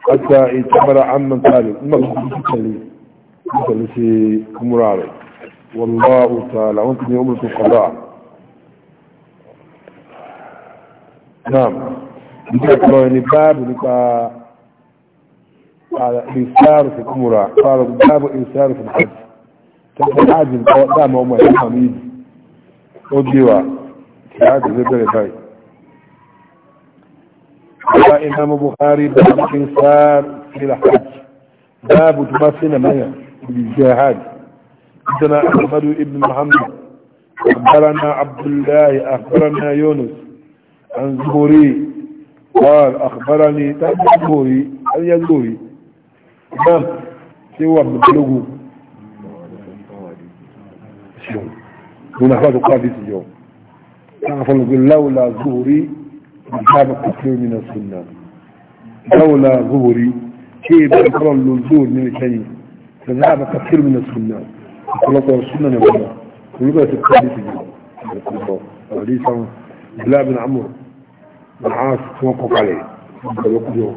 Speaker 1: حتى اتبر عمن طالب ما كنت تسلي تسلي في أمورا عليك والله تعالى ممكن يوم القضاء نعم يقولون باب لك على إنسار في الأمراء قالوا باب إنسار في الحج تبقى الحاج القوام هم الحميد أدوا تعاد الزبر باي قال إمام بخاري باب إنسار في الحج باب تمثل منه بالجهاد حدثنا احمد بن محمد اخبرنا عبد الله اخبرنا يونس عن زهوري قال اخبرني تابع زهوري هل يزهوري نعم سوى ابن مبلغه اليوم منافات قادس اليوم تعرفوا نقول لولا زهوري مجاب كثير من السنة لولا زهوري كيف يقرر الزور من شيء فذهب كثير من السنة ọ̀pọ̀lọpọ̀ súnà ní wọn orúkọ ti kọ́ ní ìsìnkú ọ̀pọ̀lọpọ̀ ọ̀rí sáwọn ìbílá bin amur ma'as tí wọ́n kọ́ kalẹ̀ ìgbàlọ́ kúrò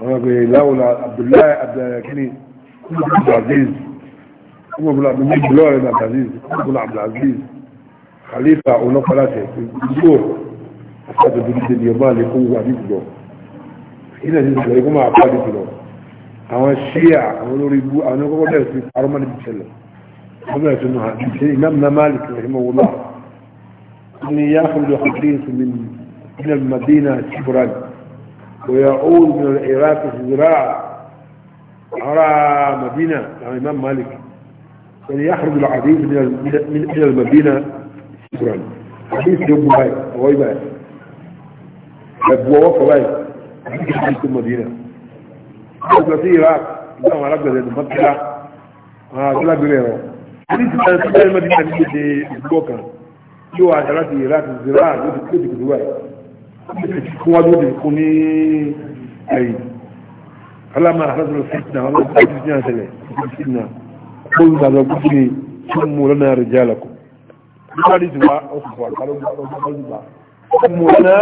Speaker 1: àwọn ẹgbẹ́ ìlàwọ̀lá abdullahi abdullahi abdulaziz kuma bula abdullahi abdullahi abdulaziz kuma bula abdulaziz khalifa onopalase ìgbò àti àti ìdílé ní ọba àlékún wà ní ìgbò ilẹ̀ ní أو الشيعة أو الريبو أو نقول ده في أرمان بيشل حضرت إنه إمامنا مالك رحمه الله أن يأخذ حديث من من المدينة تبران ويعود من العراق زراعة على مدينة يعني إمام مالك أن يأخذ الحديث من من من المدينة تبران حديث يوم بعيد غيبة أبوه وفاء حديث المدينة lọ sí iraq ìgbà àwọn alágbẹ̀rẹ̀ ló máa kíra àwọn alágbẹ̀rẹ̀ rọ ní ti sàn tó bẹ́ẹ̀ mẹ́ta ní ìdè ìdúgbò kan yóò wá àtàlá ti iraq zira ló ti kó dìgbò wáyé kó wá lóde kó ní ẹ̀yìn alama alasọrọ fitina ọlọ́run tó ti fitina tẹ́lẹ̀ fitina kó ń gbàgbọ́ gbogbo ni tó ń mú lọ́nà rẹ̀ jẹ́ àlọ́kọ̀ nígbà tí wàá ọ̀sùn fún àkàlọ́ gbogbo ọ̀sùn fún àkàlọ́ gbogbo ọ̀sùn mú lọ́nà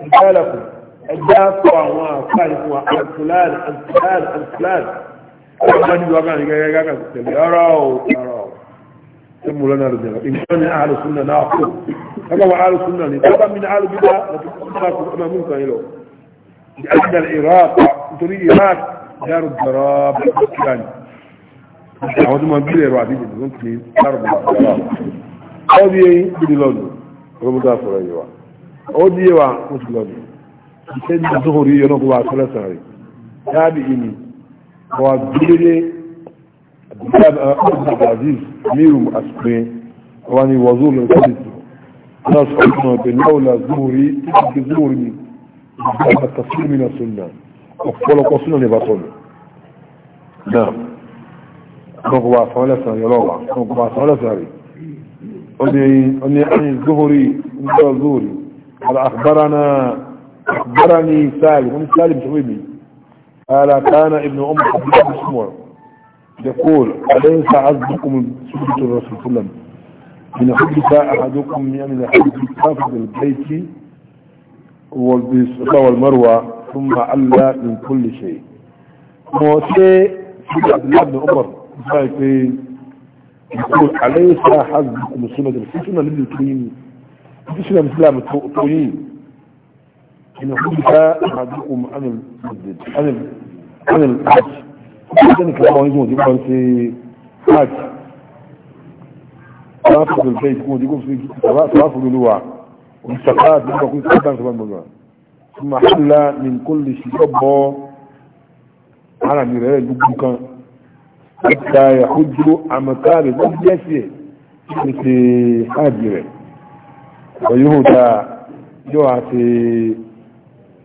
Speaker 1: rẹ̀ jẹ́ àlọ́kọ̀ ẹgbẹ́ sọ àwọn àfáàlì fún àfúláàlì àfúláàlì àfúláàlì ọlọ́pàá níbi wákàtí gẹ́gẹ́ gẹ́gẹ́ tẹ̀lé ọ̀rọ̀ ọ̀rọ̀ tí mo lọ́nà rẹ̀ jẹ́rọ ìgbọ́n ní àlù súnà náà kú ẹgbẹ́ wa àlù súnà ní tọ́gbà mi ní àlù bíbá láti kọ́kọ́ kú ọmọ mú nǹkan yìí lọ ní àjẹl iraq nítorí iraq dárò سيدنا الزهري ينقوا ثلاثة تابعيني وعبدالي عبد العزيز أمير مؤسكين واني وزور القدس ناس قلنا باللولا الزهري تلك الزهري التصوير من السنة وقال قصنا نبطل نعم نقوا ثلاثة يلوغا نقوا ثلاثة أني أني الزهري الزهري قال أخبرنا أخبرني سالم ومن سالم شعيبي قال كان ابن أم حبيب مسموع يقول أليس عزكم سبحة الرسول صلى الله عليه وسلم من حدث أحدكم يعني من حدث حافظ البيت والبيصة والمروة ثم ألا من كل شيء موسى سيد عبد الله بن عمر يقول أليس حزبكم السنة السنة للكريم السنة مثلها متوقعين إن حدث أحدكم عن المسجد عن عن الحج إذن كلام يجمع يقول في حج تنافس البيت يقول يقول في تنافس الوعاء والسقاط يقول كتابا سبحان الله ثم حل من كل شرب على مرأة يقول حتى يحج عن مكان الجسد مثل حاجره ويهدى في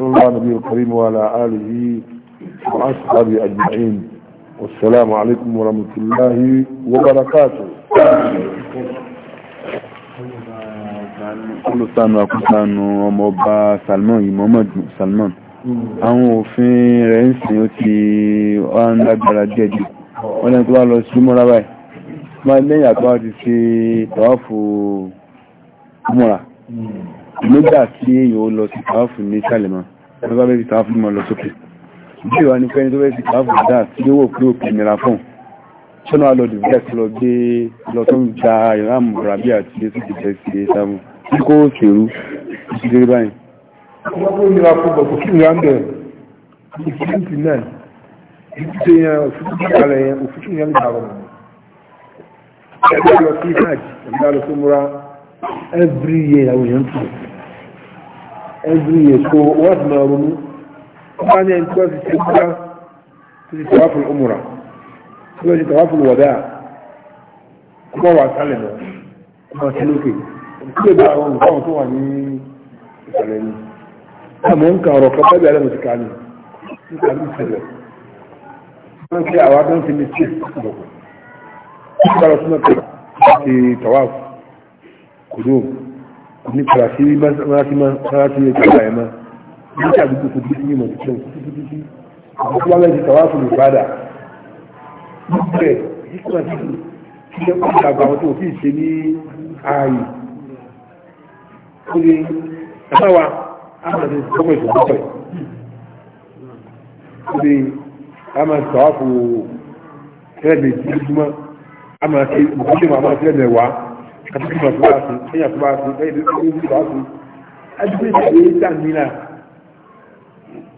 Speaker 1: صلى الله نبي الكريم وعلى آله وأصحابه أجمعين والسلام عليكم ورحمة الله وبركاته
Speaker 3: olùsànù àkùsànù ọmọọba Salman yìí Mohammed Salman hmm. àwọn òfin rẹ̀ ń sìn ó ti ọ́n lágbára díẹ̀ jù wọ́n lẹ́yìn tó wá lọ sí múra báyìí máa lẹ́yìn àtọ́wà ti ṣe tọ́wọ́ múra
Speaker 2: hmm
Speaker 1: nígbà tí èyàn lọ sí káàfù ní sàlẹ̀mọ́ ẹgbẹ́ bẹ́ẹ̀ sí káàfù mọ́ lọ sókè bí ìwà ní pẹ́ni tó bẹ́ẹ̀ sí káàfù dáa tí ó wò pé òkè nira fún ṣọ́nà alọ́dù bẹ́ẹ̀ sí lọ gbé lọ tó ń gba ìrám rabi àti jésù ti bẹ́ẹ̀ sí sáàmù tí kò ṣèrú sí dé báyìí. wọ́n tó nira fún bọ̀ kò sí ìrà ń bẹ̀ ní twenty nine ìdíje every year àwọn èèyàn tó every year so wọ́n ti máa ronú wọ́n á ní ẹni tí wọ́n ti ṣe kúrá tó ti tàwá fún ọmọra tí wọ́n ti tàwá fún wọ̀dá kọ́ wà sálẹ̀ lọ ọmọ sí lókè kí ló bá àwọn nǹkan tó wà ní ìsàlẹ̀ ni àmọ́ ń ka ọ̀rọ̀ kan bẹ́ẹ̀ bí alẹ́ mo ti kà á ní nípa ní ìsẹ̀lẹ̀ wọ́n ṣe àwọn adán ti ní sí ìsọ̀kọ̀ kí wọ́n bá lọ sí mọ́tò àti tàwá kò dóògùn ní padà sí mọ́láti ẹ̀kọ́ àyẹ̀mọ́ ní ṣàdúgbò kò bí sí ìmọ̀ tuntun títí àkókò wà lẹ́yìn tàwa fún ìbádà níbẹ̀ ìsúná títí kí ẹ kọ́ ìdàgbà àwọn tó fi ṣe ní ààyè
Speaker 3: ó ní ẹ̀fáwa àmàdé tọ́pọ̀ ìṣòwòpọ̀
Speaker 1: ó ní àmàdé tàwa fún ẹ̀ẹ́dẹ̀ẹ́dì ìjúmọ́
Speaker 3: àmàdé ìbùkún àmàdé ẹ̀ẹ́dẹ̀ẹ́wàá àti ìgbà tó bá
Speaker 1: sí ẹ̀yà tó bá sí ẹ̀yà tó bá sí àdúgbò ìgbàgbé ìdàmìlà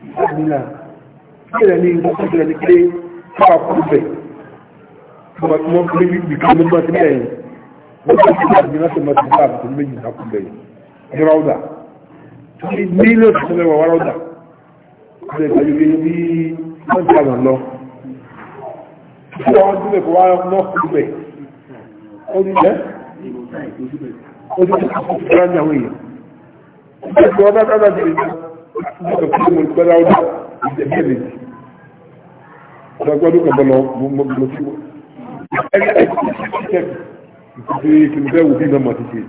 Speaker 1: ìdàmìlà ìgbàlẹ̀ ní ìgbàgbé ìgbàlẹ̀ ní pé káwà kú bẹ̀ wọ́n fi lè bí kí ló ti bẹ̀yìn wọ́n fi lè bí láti mọ̀ sí bá àbùkù méjì náà kú bẹ̀yìn ní ráúdà ní ilé òṣìṣẹ́ mẹ́wàá wá ráúdà ọ̀sẹ̀ ìgbàlẹ̀ ní bí wọ́n ti àwọn lọ Tí wọ́n dúró kó wá náà
Speaker 3: kú bẹ̀, ó ní bẹ́ẹ̀ ojú tó kọ́ fúnra ní àwọn èèyàn
Speaker 1: ìgbà tí wọ́n bá sábà di ìlú ìgbà tó kọ́ mọ̀ gbọ́dá ọdún ìjẹ̀bí ẹ̀mí ọ̀dọ́gbọ́n ọdún kan bọ̀ lọ mo mo ti wọ́n ìkùtì kìlúfẹ́ wò bí náà mà ti ṣe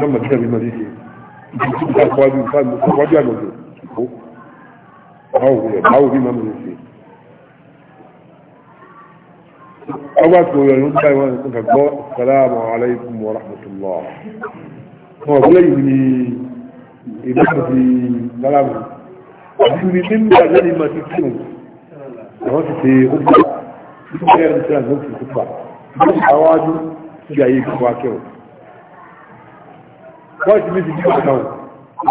Speaker 1: náà mà ti ṣe mà ti ṣe ìkùtì kìlúfẹ́ wájú àgbọ̀dọ̀ ìkó báwo rẹ̀ báwo bí mà mi rẹ̀ أبعد ويقول الله السلام عليكم ورحمة الله هو قليل إبادي سلام أبني من بعدني ما تكون وانت في غفة غير مثلا نفس الكفة حواجه جايك فاكر وانت ميزي جيبا نوم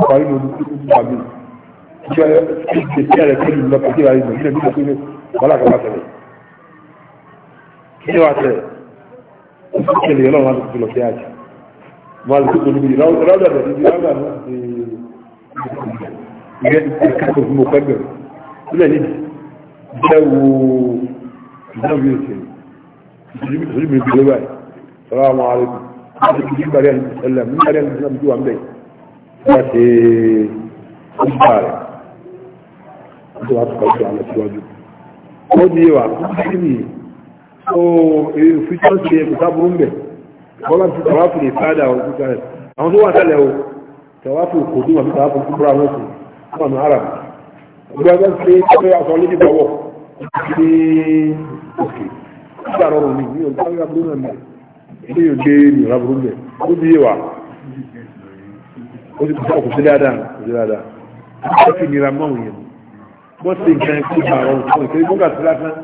Speaker 1: قالين ونقل أمامين جاء سكيب تسيارة كل الله كثير علينا هنا بينا كله ولا كما تبعي ní wàá tẹ̀ ìfúkẹ́ lè yọ náà wọ́n ti fi lọ sí àjẹ́ wọ́n lè tó níbi ráúdà rẹ̀ níbi ráúdà náà ti ìgbẹ́ ìkàkọ̀ fún mọ̀kọ́
Speaker 3: ẹgbẹ̀rún sílẹ̀ níbi jẹ́ wo ìdáhùn yóò ṣe
Speaker 1: ìṣòjú mi gbèrè báyìí sọ́ra àwọn ààrẹ bí wọ́n ti fi bàrẹ̀ ẹ̀lẹ̀ mú bàrẹ̀ ẹ̀lẹ̀ mú wà mẹ́ wọ́n ṣe ń bà rẹ̀ wọ́n ti wá tó kọjú àwọn ìṣíwájú ó ní wà kí ni òfin tó ń ṣe ẹ̀kùtà burú ń bẹ̀ bọ́lá ti tàwáfù lè fádà ọ̀hún kíkà rẹ̀ àwọn tó wà tẹ́lẹ̀ o tàwáfù kò dùn àti tàwáfù kúkúrú àwọn òkú wọn ní arab ọgbẹ́ ọgbẹ́ ṣe tẹ́lẹ̀ aṣọ lédè bọ̀wọ̀ ní òkè nígbà rọrùn mi ní ọjọ́ ìgbà burú náà mẹ́ ilé yóò gbé nìyàrá burú mẹ́ ó ti yé wa ó ti kò sọ́kù sí dáadáa kò sí dáadáa wọ́n ti nira mọ́ òun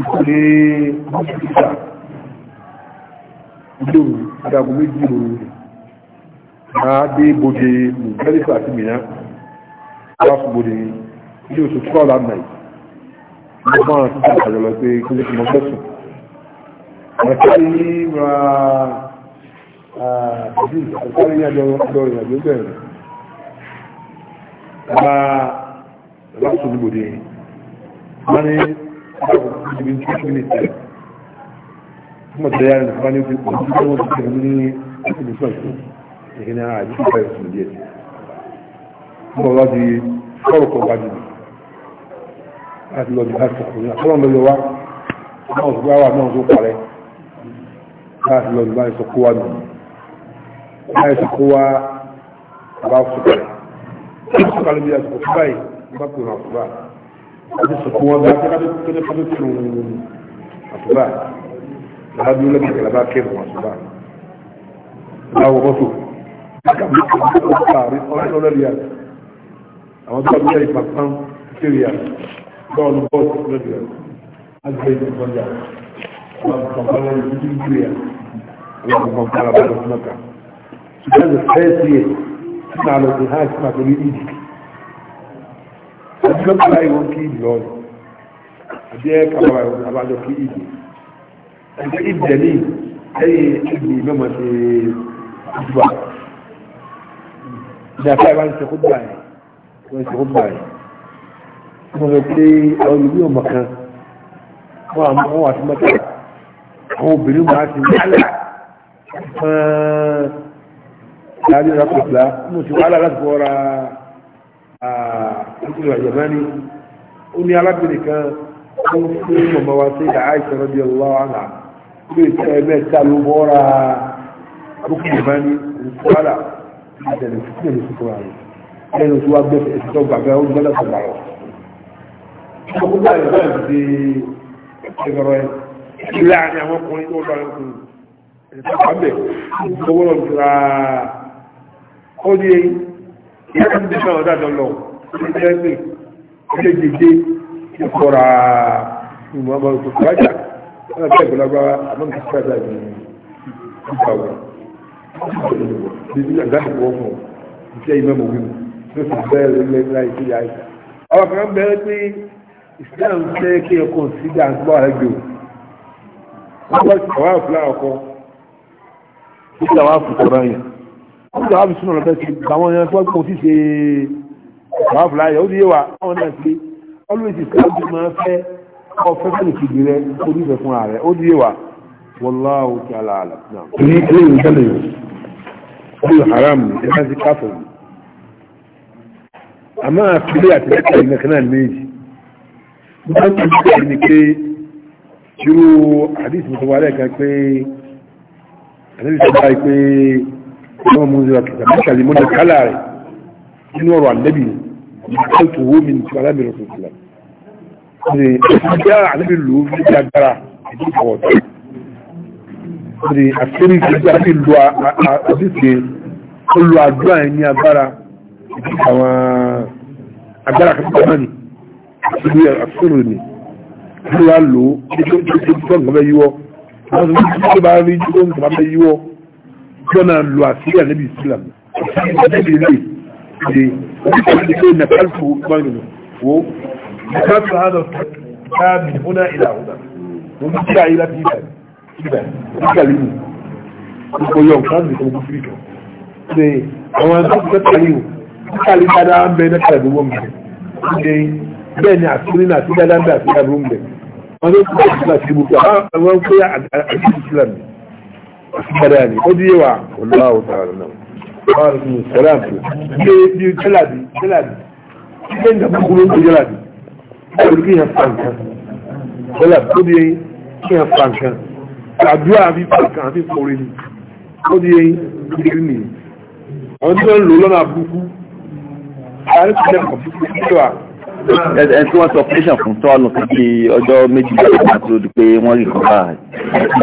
Speaker 1: ìkọlé mọ́sílítà lóòrù adágún méjì lóòrù máa dé bóde mùgbẹ́lẹ́fà àti mìíràn aláṣùgbòdè ilé oṣù tọ́lá náà mo máa ti dá àjọ lọ pé kí ló fi mọ́ fẹ́sùn ọ̀sẹ̀ ní ra àbí ọ̀sẹ̀ ní ìrìnàjò bẹ̀rẹ̀ máa aláṣùgbòdè máa ní ìgbìn tí ó lè tẹ̀lé kuma da yaran da kwanin su kuma cikin wasu da hannun aka da son su da hina a jikin bayan su biyar kuma za su yi farko wajibi a ti lọ bi har su kuma kuma mai yawa kuma wasu gawa nan zo kware za su lọ bi bayan su kowa ne bayan su kowa ba su kware su kwalibi a su kuma bayan ba ku na su ba láti sọ̀kún wọn gbá tó ní fọ́tò tó àtúbà lára bí ó lẹ́gbẹ̀ẹ́ kẹlẹ́ bá kẹ́rù àtúbà láwọ mọ́tò lákàbí ọ̀pàrí ọlọ́lẹ́rìá àwọn tó àbúrò ìpàpán kéré à bọ́ọ̀lù bọ́ọ̀lù lọ́dìá àgbẹ̀ ìgbọ̀njà àwọn àgbàkọ̀ọ́lá ìdíjú kéré à àwọn àgbàkọ̀ọ́lá bọ́ọ̀lù mọ́ta ṣùgbọ́n the first year sínú àlọ́ àdúgbò kọ́lá ìwọ̀n kí ìlú ọ̀rọ̀ àbí ẹ̀ kàwá àbájọ kí ìlú ẹ̀jẹ̀ ìdẹ̀lì
Speaker 3: ẹ̀yìn ìlú mẹ́mọ̀ ṣe ìdúbà ìdàkà
Speaker 1: ìwà ń ṣe kó gbà yẹn
Speaker 3: wọ́n ṣe kó gbà yẹn
Speaker 1: wọ́n lọ pé àwọn olùbí ọmọ kan wọ́n àmọ́ wọn àti mọ́tò àwọn obìnrin máa ti wálà fún un láti rà pẹ̀lú àwọn ìtìlú àyẹ̀mání ó ní alábìnrin kan tó ń fún mọ̀mọ́ wa sí àìsàn rọ́bì ọlọ́wọ́ àná ilé ìṣẹ́ ẹ̀mẹ́ta ló bọ́ra àbúkù àyẹ̀mání olùfọ́lá ìṣẹ̀lẹ̀ fún ẹ̀mí fún wa rẹ̀ ẹni tó wá gbé ẹ̀sìn tó gbàgbé ó gbọ́dọ̀ fún wa rọ̀ ọkùnrin báyìí báyìí ti ẹgbẹ̀rọ ẹ̀ ilé àti àwọn ọkùnrin tó lọ ẹkùn ẹ̀sìn tó gbàgbé ó gbọ́dọ̀ fún wa ìyẹn ti sọ̀rọ̀ dájọ́ lọ ìjẹ́ pé ilé gègé ìkọ̀rà ìmọ̀ ọmọ òkùnkùn rájà wọn fẹ́ ìgbọ̀lágbára àmọ́ nǹkan sí àjà ìgbìmọ̀ ìgbàwọ̀ bíbí àgbà ìwọ̀ fún ọ iṣẹ́ ìmọ̀ mọ̀ wíwù ló sì bẹ́ẹ̀ lọ́lẹ́ láì sí ìyá ìṣẹ́. àwọn kan bẹ́ẹ̀ pé Islam fẹ́ kí ẹ kàn sí dàgbà àgbò wọ́n bá ti kọ̀wá fúlà ọkọ̀ kí làwọn àfùkọ̀rọ̀ yẹn wọ́n gbà ábùsùn náà lọ́fẹ́ sí àwọn tó wọ́n kò ṣe wàhálà ó díye wa àwọn náà sí always ìsáájú máa fẹ́ ọfẹ́ fẹ́lẹ̀ kìdì rẹ ó díye fún ààrẹ ó díye wa wallahu ta'ala àlà náà. ní ilé ìgbẹ́lẹ̀ yìí ó lè haram ní ẹgbẹ́ sí káfọ̀ yìí àmọ́ àfilẹ́ àti ẹ̀ka ìgbà kan náà méjì ní wọ́n ti sọ ní pé irú àdìsí mọ̀tọ́wálẹ̀ kuma mun zuwa kisa maka limon da kalare inuwar annabi kaltu hu min kalami rasulullah ne ya annabi lu fi gagara a ji kawo ta ne a ni agbára àwọn agbára kan ni siri a siri ne kullu wa lo ní tó ń gbẹ yíwọ wọ́n jọ́nà lu àṣírí ànábì islam ànábì ilé ìdè oníkàlẹ̀ pé nàkàlùfù gbọ́nìyàn wo nàkàlùfù hàn káàbì húnà ìlà húnà omi tí a yí láti ibẹ̀ ibẹ̀ níkàlẹ̀ mi gbogbo yọ nǹkan nìkan gbogbo fi kàn ṣe àwọn ẹgbẹ́ mẹ́ta yìí o níkàlẹ̀ dáadáa ń bẹ nàkàlẹ̀ gbogbo ń bẹ ṣe bẹ́ẹ̀ ni àṣírí náà àti dáadáa ń bẹ àti dáadáa ń bẹ wọn ló ti bá ìṣúná sí gbogbo àwọn ọmọ ń pè é àti ìṣúná mi ìpàdánì ó díye wa ọlọ́wọ́ sàrọ̀ náà wọ́n rẹ̀ fún sọ́lá fún ilé bí jẹ́làbí jẹ́làbí ilé ń dàbí kúrò ń bọ̀ jẹ́làbí ọ̀rọ̀ kí yẹn fa nǹkan bọ́lá ó díye kí yẹn fa nǹkan àdúrà àbí fa nǹkan fòrè ni ó díye ìdírí nìyí àwọn tí wọ́n ń lò lọ́nà àbúkú àárín kìí
Speaker 3: ẹni tí wọ́n sọ operation fún tó àlọ́ sí bí ọjọ́ méjì àti odò pé wọ́n rí kọ́kà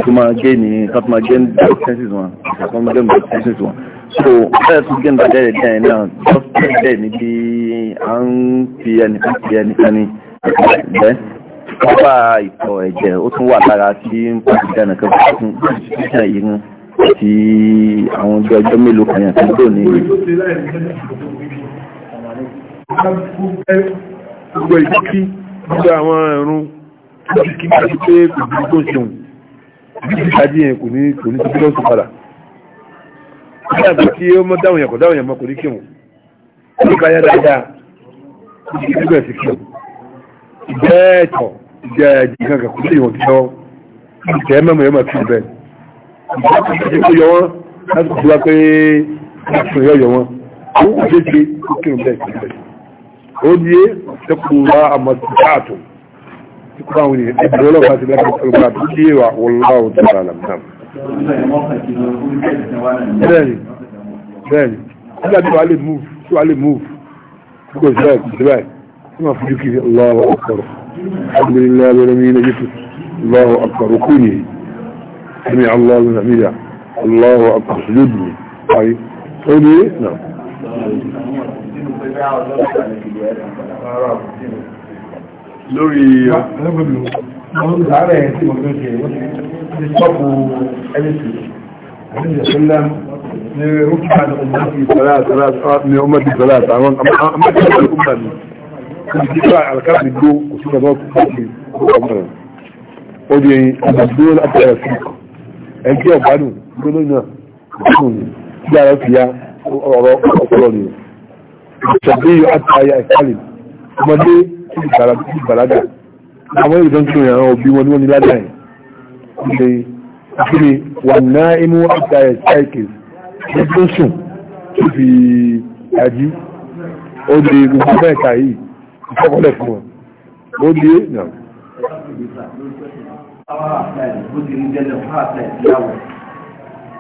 Speaker 3: tó máa gé ní tó máa gé ní diagnosis wọn àkọ́kọ́ máa gé ní diagnosis wọn so bẹ́ẹ̀ tó gé ní bàjẹ́rẹ̀ díẹ̀ náà dókítà díẹ̀ ní bí à ń fi ẹnìkan fi ẹnìkan ní ẹ̀ẹ́ kọ́kà ìtọ̀ ẹ̀jẹ̀ ó tún wà lára tí ń pàṣẹ dáná kan
Speaker 1: gbogbo ìdíkí gbogbo àwọn ẹ̀rùn tó ti kí ní àti pé kò bí tó ṣeun bí ti ṣáájú yẹn kò ní kò ní tó bí lọ́sùn padà ní àgbà tí ó mọ́ dáhùn yẹn kò dáhùn yẹn mọ́ kò ní kíhùn ní ká yá dáadáa kò ní kí bẹ̀rẹ̀ sí kíhùn ìjẹ́ ẹ̀tọ́ ìjẹ́ ẹ̀jì kankan kò ní ìwọ̀n tí wọ́n ìjẹ́ mẹ́mọ̀ yẹn máa fi bẹ́ẹ̀ ìjẹ́ kó yọ wọ́n láti kó wá pé wọ́n yọ wọ́n àwọn kò ṣe é ṣe kó kírun bẹ́ẹ̀ sí bẹ́ẹ̀ odiye ta kula a masukatu kuma wani dole ba su da kan kalma ta cewa wallahu ta'ala lam nam bẹ́ẹ̀ni bẹ́ẹ̀ni nígbà tí wàá lè move tí wàá lè move kókò síbẹ̀ síbẹ̀ tí wọ́n fojú kiri allahu akbar alhamdulilayi abẹ́rẹ́ mi ní yíṣu allahu akbar kú ni sami allahu namida allahu akbar sujudu ayi ó ní náà lórí ààrẹ tí mo gbé ṣe wọ́n ti sọ́pù ẹlẹ́sì àti ìṣẹ́lá ní rúkà ní ọmọdé sọ́lá àtàwọn amọ́dé ọmọdé ní ìdíkà alkára ní gbó kò sí ọmọ kúrò ọmọdé ó di àgbàgbó láti ẹ̀fí ẹgbẹ́ ọ̀gbádùn gbóná náà kò sí òní tí ara fi ya ọ̀rọ̀ ọ̀pọ̀lọ́ nìyẹn ìṣàgbéyọ àtàyà ìkálẹ̀ ọmọdé tí ìbàlágà àwọn ìdán tó yàrá òbí wọn ní wọ́n ní ládàáyì ṣe ìfìrí wà náà inú àtàyà ìkálẹ̀ ní tó sùn tó fi àjí ó di gbogbo mẹ́ta yìí ìfọ́kọ́lẹ̀ fún wọn ó di nà
Speaker 3: Àwọn àfẹ́ ìbúdí ní jẹ́lẹ̀ fún àfẹ́ ìyàwó,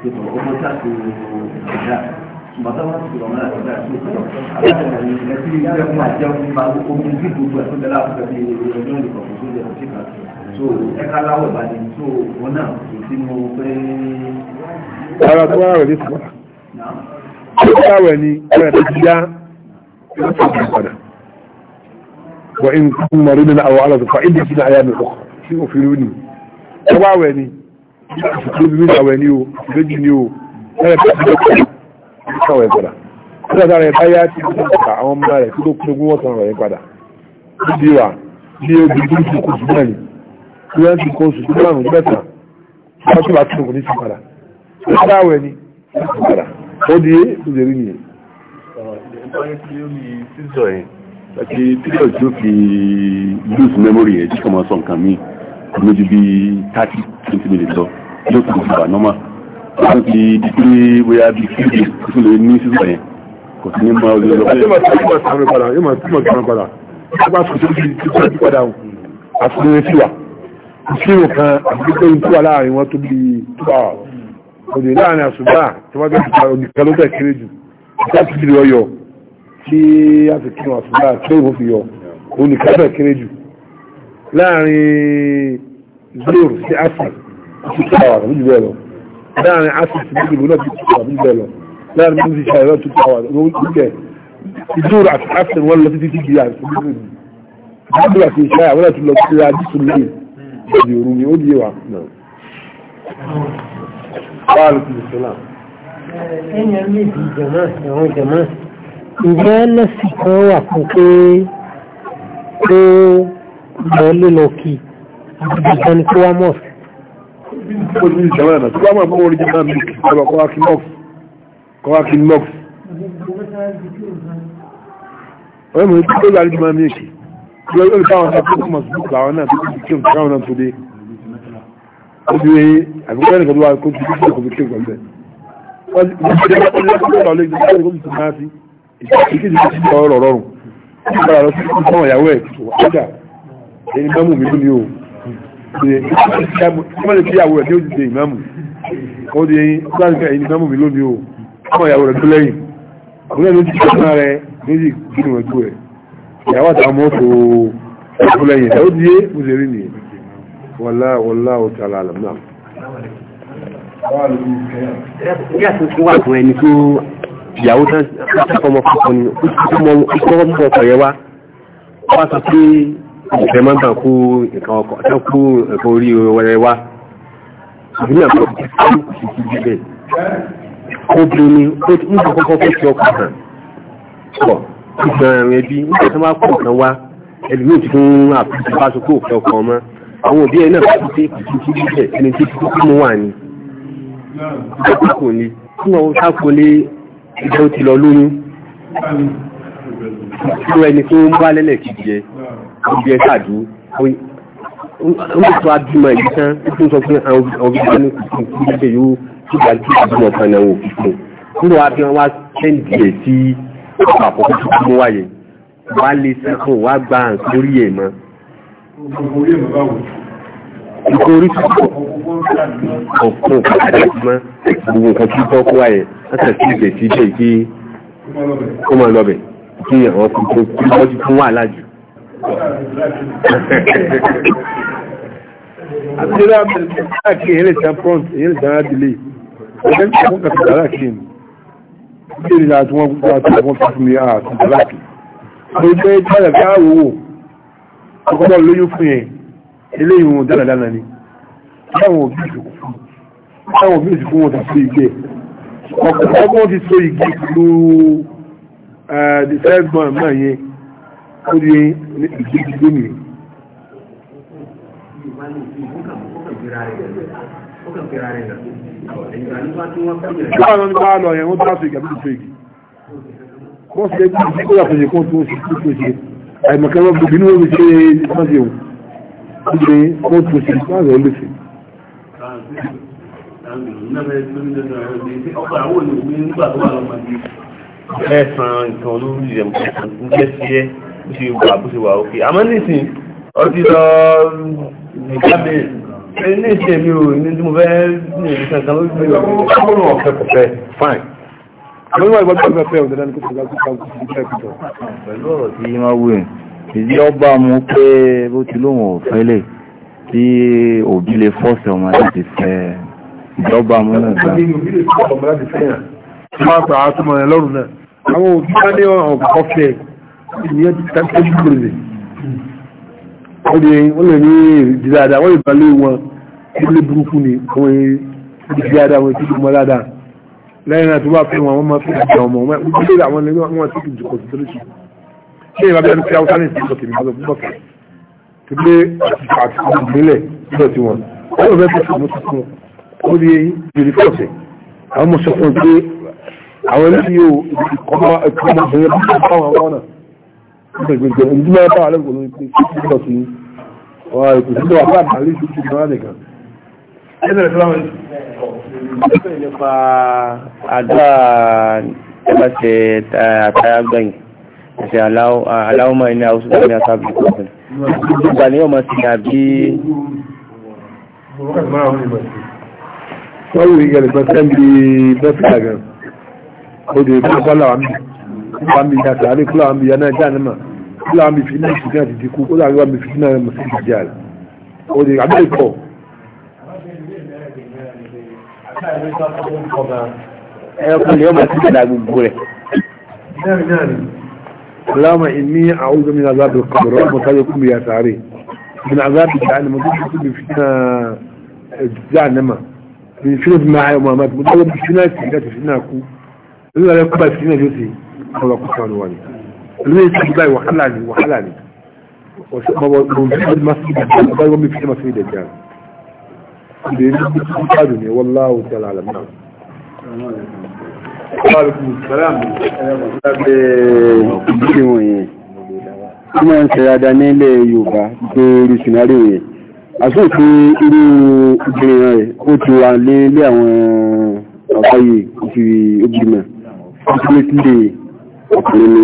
Speaker 3: ìtọ̀ ọmọ sáàkì ìrìnàjò mọ̀tọ́mọ́ ti rọ̀ mọ́ra tó dáa sí ìpínlẹ̀ àbájáde ní ilẹ̀ tí ilé ẹ̀kọ́ máa jẹun nípa omi tí gbogbo ẹ̀ tó dá láàbùkẹ́ bí ọjọ́ ìkọ̀ tó jẹ́ ọtí kan so ẹ̀ka láwọ̀ ìbàdí so òun náà kò sí mo pé. ara tó wà rẹ̀ ní
Speaker 1: sùn. ó dáwẹ̀ ni ọ̀rẹ́ tó ti dá yóò tó ti padà. wà ń kú mọ̀rí nínú àwọn aláṣọ fún ìdí ìdí àyà mi kọ̀ sí òfin lónìí. ẹ wá wẹ̀ ni ìdí àṣìṣe ló bí mi káwọn ẹ̀ padà tó dáadáa rẹ̀ báyá ti kú ọ̀pá àwọn ọmọ rẹ̀ tó tó kú ogún wọ́n sanra rẹ̀ padà ó di wà ní ogun tó ti kú ṣùgbọ́n ni tí wọ́n ti kó oṣù tó márùn mẹ́ta wọ́n tó bá tún kò ní sí padà ó dáwẹ̀ ni padà ó di ó lè rí nìyẹn.
Speaker 3: ìpáyé tí wọ́n ti di pé bóyá bí kéde kó lè ní sísọ yẹn kò sí ní máa lọ lọ. yóò ìṣirò kan àgbégbé tó wà láàrin
Speaker 1: wọn tó bí tó wà láàrin àṣùgbà tí wọ́n bẹ̀rẹ̀ ta òdìkan ló bẹ̀ jù láti bí ọyọ tí a sì kírun àṣùgbà tí òun fi yọ òdìkan bẹ̀ jù láàrin zoro sí àṣà láàrin asìsì ní ìlú náà ti tún àwọn ìbẹ̀ lọ láàrin bí ti ṣàyẹ̀wò tó tún àwọn ìbẹ̀
Speaker 2: ìdúró àti asìsì wọn
Speaker 1: lọ títí tí di àìsàn ìdúró àti ìṣàyà wọn láti lọ sí àdìsù lẹ́yìn ìdí òru ni ó di wà náà.
Speaker 3: báàlù kìí sọlá. ẹni a kan wà fún pé kó lọ lé lọ kí àbújá ni kó wá mọ́ọ̀sì bó ti di sàmánà tó bá mọ̀ fún orí jẹ́
Speaker 1: náà mi ọ̀rọ̀ kọ́wákí mọ́f kọ́wákí mọ́f ọ̀rẹ́ mi tó lọ àríjì máa mìíkì tí ó lè táwọn ọ̀sán fún ọmọ sùgbùkù àwọn náà tó ti kí nǹkan náà tó dé ó ti rí àgbẹ̀kọ́ ẹnìkan tó wà kó ti kí nǹkan kí nǹkan bẹ́ẹ̀ wọ́n ti rí ọ̀rẹ́ mi tó lọ lẹ́gbẹ̀ẹ́ tó lọ́ọ́ ti máa sí ìkéjì tó ti sọ ọ̀rọ̀ rọrùn ó ti gbára ìmọ̀lẹ̀ kí ìyàwó rẹ̀ ní òjìṣẹ́ ìmáàmù ó di ẹyin láti ẹyin ìmáàmù mi lónìí o ọmọ ìyàwó rẹ̀ tó lẹ́yìn òun náà ló ti kọ́ náà rẹ̀ méjì gbìnú ẹ̀kú rẹ̀ ìyàwó àtàwọn ọmọ tó tó lẹ́yìn ẹ̀ ó di yé mo ṣe rí ni wàlá wàlá ó ti àlàlà náà.
Speaker 3: ìyá tó tún wà fún ẹni tó
Speaker 1: ìyàwó tán kọ́mọ fún ọkọ
Speaker 3: ni ó ti kọ́ ọmọ ọkọ yẹn wá wá sọ pé ìfẹ́ máa ń tàn kó nǹkan ọkọ̀ àtàkù ẹ̀kọ́ orí wẹ́rẹ́ wá ìdílé àkọ́kọ́ ti ti di bẹ́ẹ̀ ó bí ní nígbà kọ́kọ́ kó ti ọkọ̀ hàn pọ̀ ìgbọ̀n àwọn ẹbí nígbà tó máa kọ̀ kan wá ẹlòmíì ti fún àpèjì bá sọ pé òfin ọkọ̀ ọmọ àwọn òbí ẹ̀ náà bá ti pé kò ti di bẹ́ẹ̀ ẹni tí kókó mú wà ní. ìdákùkù ni tí wọ́n sáko lé ìjẹun ti lọ lóyún. ìṣòro ẹni tó ń bá lẹ́lẹ̀ kìí jẹ ọjọ́ ìṣáàjú ń tó adúmọ̀ yìí tán tó sọ pé ọbí bá ní kùkùn kí ló ṣe yóò kígbà tí ìdúmọ̀ kan náà wò fífún nínú wa bí wọ́n wá sẹ́ǹdì ẹ̀ sí ọ̀pọ̀ àkọ́kọ́ tó mú wáyé wá lè sẹ́kùn wá gba àǹtórí ẹ̀ mọ́. nítorí ọ̀pọ̀ kàkàdé mọ́ gbogbo nǹkan tí bọ́ kó wáyé láti sí ìgbésí bẹ́ẹ̀ kí ó máa lọ bẹ̀ kí àwọn kùkùn kí wọ́n ti fún wàhálà jù.
Speaker 1: Abdullahi Abdullahi ake hele ta front hele ta na delay. Ọjọ́ ti fún kàtà dára kí ni. Ṣé ìrìnà àti wọn gbogbo àti àwọn fún mi àà tó dára kí. Mo jẹ́ dára kí àwò wò. Àkọ́kọ́ lóyún fún yẹn. Eléyìí wọn dára dára ni. Báwọn òbí ìsìnkú fún. Báwọn òbí ìsìnkú wọn tà sí ìgbẹ́. Ọkọ̀ ọkọ̀ ti so igi pẹ̀lú the náà yẹn ó di ìgbégbé mi. Báwo ni bá lọ yẹn wọ́n bá fi ìgbà bí ìfẹ́ yìí? Wọ́n fi ẹgbẹ́ ìdí kó yàtọ̀ yìí kó tó ṣe tó tó ṣe. Àìmọ̀kẹ́ wọn bìbí ní wọ́n fi ṣe ìfọ́n ṣe òun.
Speaker 3: ìtàn olórí rẹ̀ ń tẹ̀sí ẹ́ bó ṣe wà bó ṣe wà òkè àmọ́ nísìn ọ lọ nìkábẹ̀ ní ìṣe mi ò ní tí mo fẹ́ ní ìṣe tí òbí lè fọ́ọ̀sì ọmọ láti fẹ́ ìjọba mú náà gbà.
Speaker 1: ọmọ láti fẹ́ yàn.
Speaker 3: máa ta àtúmọ̀ yẹn lọ́rùn náà. àwọn
Speaker 1: òbí ìyẹn tàbí ìgbèrè rẹ̀ wọ́n lè ní ìdíláàdá wọ́n lè bá lé wọn wọ́n lè burúkú ni àwọn ìdíláàdá wọn ti dùn mọ́ dáadáa lẹ́yìn náà tó bá fún wọn wọ́n máa fi ìjà ọmọ wọn wọ́n lè àwọn ẹni wọ́n ti dùn kọ̀tù tóri sí ṣé ìwà bí ẹni pé haúsá ní ìsìnkú tèmi lọ fún bọ́ọ̀kì tó gbé àtìkù ìgbélẹ̀ lọ́dọ̀ tí wọn wọ́n lè fẹ́ fún ọmọ tuntun ó di ìrírí fọ́ọ̀sì àwọn mọ̀ sọ fún un pé àwọn ẹni tí yóò ìkọ́mọ́ ìkọ́mọ́ gbẹgbẹgbẹ ojúmọ́ bá wà lẹ́gbẹ̀ẹ́ lórí pé kí ló sí wà
Speaker 3: ètò sí wà bá
Speaker 1: àlè sí ti náà nìkan.
Speaker 3: nípa àdúrà ẹgbàṣẹ àtàgbẹ̀yìn ẹ̀sẹ̀ aláwọ̀mọ́ ẹni àwùsù tàbí àtàbí ìgbà ni yóò máa ti àbí. wọ́n wù ìgbàlẹ̀
Speaker 1: pẹ̀sẹ̀ ń bi bẹ́ẹ̀ fìlà gan ó di bá wà mí ìyá sàárè kúlọ̀ àwọn ìyá náà jáde mà kúlọ̀ àwọn ìfìdí náà ìfìdí náà ti dínkù kúlọ̀ àwọn ìfìdí náà mọ̀ sí ìdíjà rẹ̀ o lè àbí ìkọ̀. ẹ̀kọ́ ni ọmọ ti dàda gbogbo rẹ̀. اللهم إني أعوذ من عذاب القبر ومساجكم يا ساري من عذاب جهنم ومساجكم بفتنة جهنم من فتنة معي وما مات مدرب فتنة فتنة فتنة أكو إلا لكم فتنة جوتي Allah kò sọ wọn lórí ètò ìgbà wàhálà ni wàhálà ni ọ̀sẹ̀ mi fi masu da jan da yi nufi cikin kado ne wallahu ta lalama
Speaker 3: kuma yan sayada ní ilẹ̀ Yorùbá tó rí sinari yẹn àsòkè irú obìnrin rẹ̀ ó ti wà lé ilé àwọn ọ̀pọ̀ yìí ti obìnrin náà ọkùnrin ní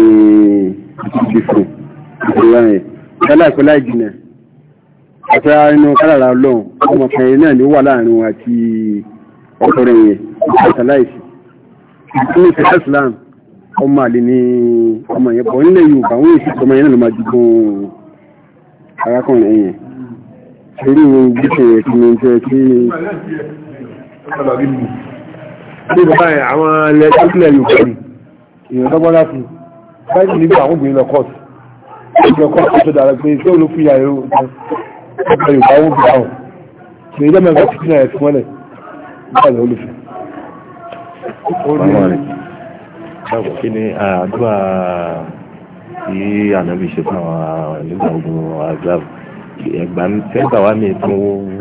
Speaker 3: ìdí fún ìpínlẹ̀ yẹn kálá ìpínlẹ̀ ìjìnà àti inú kálàrà ọlọ́run ọmọkùnrin náà ni ó wà láàrin wọn àti ọkùnrin yẹn ìpàtàláìsì ìpínlẹ̀ ìpínlẹ̀ Islam ọmọ àlè ní ọmọ yẹn bọ̀ nílẹ̀ Yorùbá wọn èsì ọmọ yẹn náà ló máa dìbọn arákùnrin yẹn torí wọn gbèsè rẹ̀ kí ni jẹ́ kí ní
Speaker 1: bàbá yẹn àwọn ilẹ̀ ìpínlẹ̀ Yorùbá ni èèyàn lọ́gbọ́n láti báyìí nígbà àwọn obìnrin lọ kọ́ọ̀tù ìjọ kọ́ọ̀tù tó dára pé tí olú fìyà ẹ̀rọ ọgbà yorùbá wọn bí àwọn
Speaker 3: kì í dẹ́mẹ̀ ẹgbẹ́ títí náà ẹ̀sìn mọ́lẹ̀ nígbà lọ olùfẹ́. báwo kí ni àdúrà tí ànábì ṣe fún àwọn nígbà ogun àgbàbọ̀ ẹgbàá fẹ́gbà wa mi tún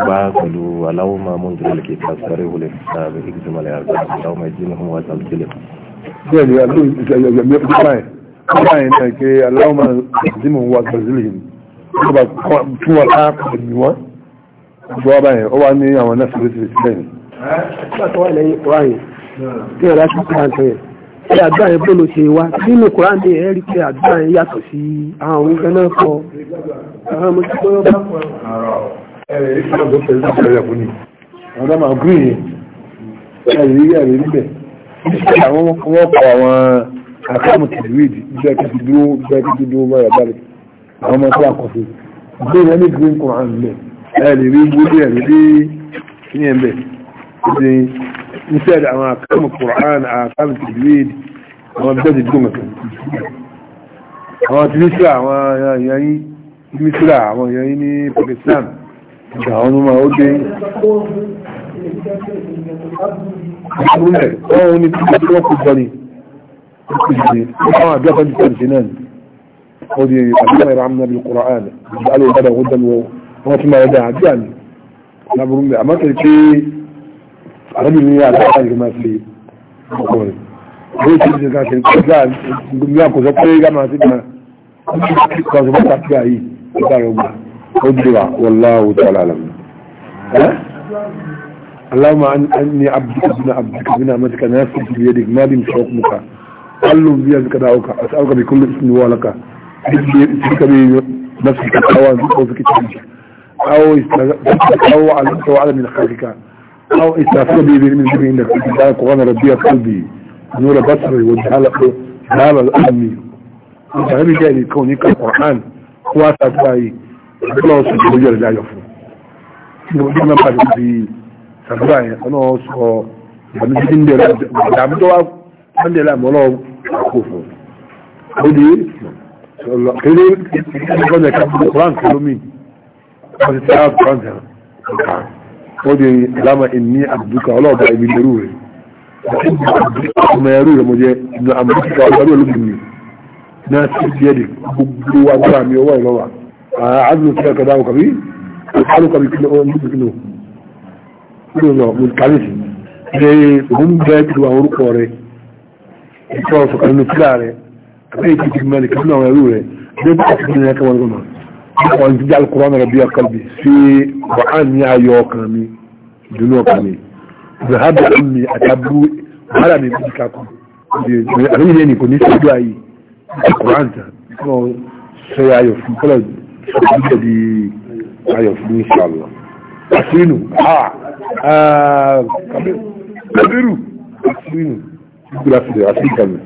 Speaker 3: wá pẹ̀lú aláwọ̀ máa mú ìdúró lè kí ká sáré wọlé sáà bí ìgbìmọ̀ lè àgbà àwọn ọmọ ìdí bẹ́ẹ̀ ni àbí ìjọyọ̀yọ̀ báyìí báyìí
Speaker 1: náà pé aláwọ̀mọ̀ ìdímọ̀ wa brazilian tó bá tún wà láàpọ̀ ní wọ́n tó wá báyìí ó wá ní àwọn náà sílẹ̀ sílẹ̀ sílẹ̀
Speaker 3: ni. tí ọ̀rá ti kúrò àǹtẹ̀ yẹn tí àdúrà yẹn bóòlù ṣe wá nínú kúrán ní ẹ̀rí pé àdúrà yẹn yàtọ̀ sí àwọn ohun gan náà kọ àwọn ọmọ tí wọ́n bá kọ.
Speaker 1: ẹ̀rẹ̀ yìí kí wọ́n tó fẹ́ẹ́ àwọn wọ́n kọ àwọn àkọ́mù tìlúwìdì bẹ́ẹ̀ kí ti dúró bẹ́ẹ̀ kí ti dúró mọ́ra bẹ́ẹ̀ àwọn ọmọ tó àkọsí bẹ́ẹ̀ wọ́n ní green Quran lẹ̀ ẹ̀ lè rí gbódé ẹ̀ lórí ní ẹ̀ bẹ́ẹ̀ ní níṣẹ́ àwọn àkọ́mù Quran àkọ́mù tìlúwìdì àwọn bẹ́ẹ̀ ti dúró mọ̀kàn
Speaker 2: àwọn tìlúṣà
Speaker 1: àwọn èèyàn yín àwọn èèyàn ní Pakistan ìgbà àwọn ó dé ìgbìmọ̀ ọ̀hún ní pípẹ́ tí wọ́n kò jọ ní ìgbìmọ̀ àwọn àbí ọ̀kan jù tẹ̀lé náà ni ó di àbíkọ́ ìrà àmì nàbí kùrọ̀ àná ìgbà alẹ́ ìgbàdà ó dẹ̀ wọ́n wọ́n tún máa dá àbí àmì lábúrú mẹ́ àmọ́ tẹ̀lé pé àrẹ́bì ní àdáyà ìgbà máa fi
Speaker 2: ọkùnrin ó ti di nǹkan ṣe nígbà
Speaker 1: ní àkóso pé gá máa ti gbà kan sọ bọ́ta tí a yìí ó dà rẹ̀ gbà ó di wa wọ́n láwùjọ alálàmù. اللهم أني عبدك ابن عبدك ابن عمتك ناسك بيدك ما بين حكمك قلوا بيدك دعوك أسألك بكل اسم هو لك بك بنفسك الحوان أو في كتابك أو أو على على من خلقك أو استغفر بي من ذنبي إنك تجعلك وأنا ربي قلبي نور بصري وجهلك هذا الأمي وتغني جاي كونك القرآن واسع فاي الله سبحانه وتعالى لا يفهم. sàdúrà yẹn ọlọ́wọ́ sọ ìbànújẹ́ tí ń bẹ̀rẹ̀ ìdààmú tó wá ń bẹ̀rẹ̀ àmọ́ ọlọ́wọ́ kò fún ó di kéde ìgbọ́nà ẹ̀ka kuran kìlómì wọ́n ti sáà kuran tẹ̀ ọ̀ka ó di alama ìní àdúkà ọlọ́ọ̀bà ìbí lérú rẹ̀ ọmọ ẹrú rẹ̀ mo jẹ́ ìnà àmọ́tíkà ọlọ́rú olóbìnrin náà sí ti ẹ̀dì gbogbo agbára mi ọwọ́ ìlọ́wà àádùn sí ẹ̀kọ́ dáhùn kàbí àádùn kàbí kí ló ń bí kí ló ń ló lọ mo kàlẹ́ sí ṣe òun bẹ́ẹ̀ tó àwọn orúkọ rẹ̀ ìtọ́ ọ̀sọ̀kan nínú sílá rẹ̀ àbẹ́yẹ tó ti mọ ẹnì kan àwọn ẹrú rẹ̀ bí ó bá ti ní ẹ̀kọ́ wọn gbọ́nà nípa ní jíjà alukóra náà bí ọkàn mi sí wàá ní ayọ̀ ọkàn mi ìdùnnú ọkàn Ah, kabiru asirin gbura fi da afirka ne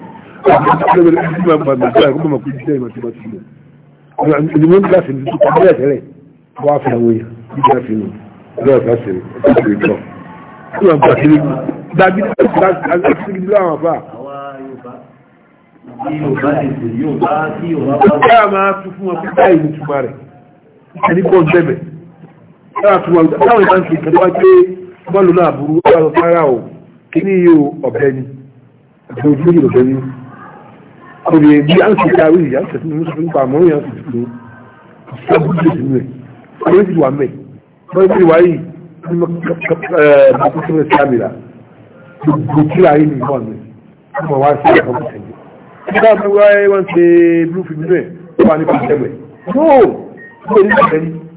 Speaker 1: ìdìbò ń gbàsìn ní tó kọjá tẹ́lẹ̀ wọ́n á fi àwọn èèyàn ní gbàsìn ní lọ́wọ́ gbàsìn ní ọjọ́ ìjọ tí wọ́n gbàsìn ní dábí láti
Speaker 3: ní Ẹni bọ́ bẹ̀bẹ̀
Speaker 1: táwọn ìbá ń fi ìkàtọ́ wá pé bọ́ọ̀lù náà burú ọ̀rọ̀ fara ò kí ní yóò ọ̀bẹ ni ọ̀bẹ ojú ní ọ̀bẹ ọ̀rẹ́ bí a ń fi ká wíìlì yà ń tẹ̀sí nínú sọ́dún pa àmọ́ yàn sì fún ọ̀bùn tó sì rẹ̀ ọ̀rẹ́ sì wà mẹ́ bọ́ọ̀lù bí wáyé bàbá sọ̀rọ̀ sí àmìlà gbogbo tí a yé ni mi ọmọ wa sí ẹ̀kọ́ kò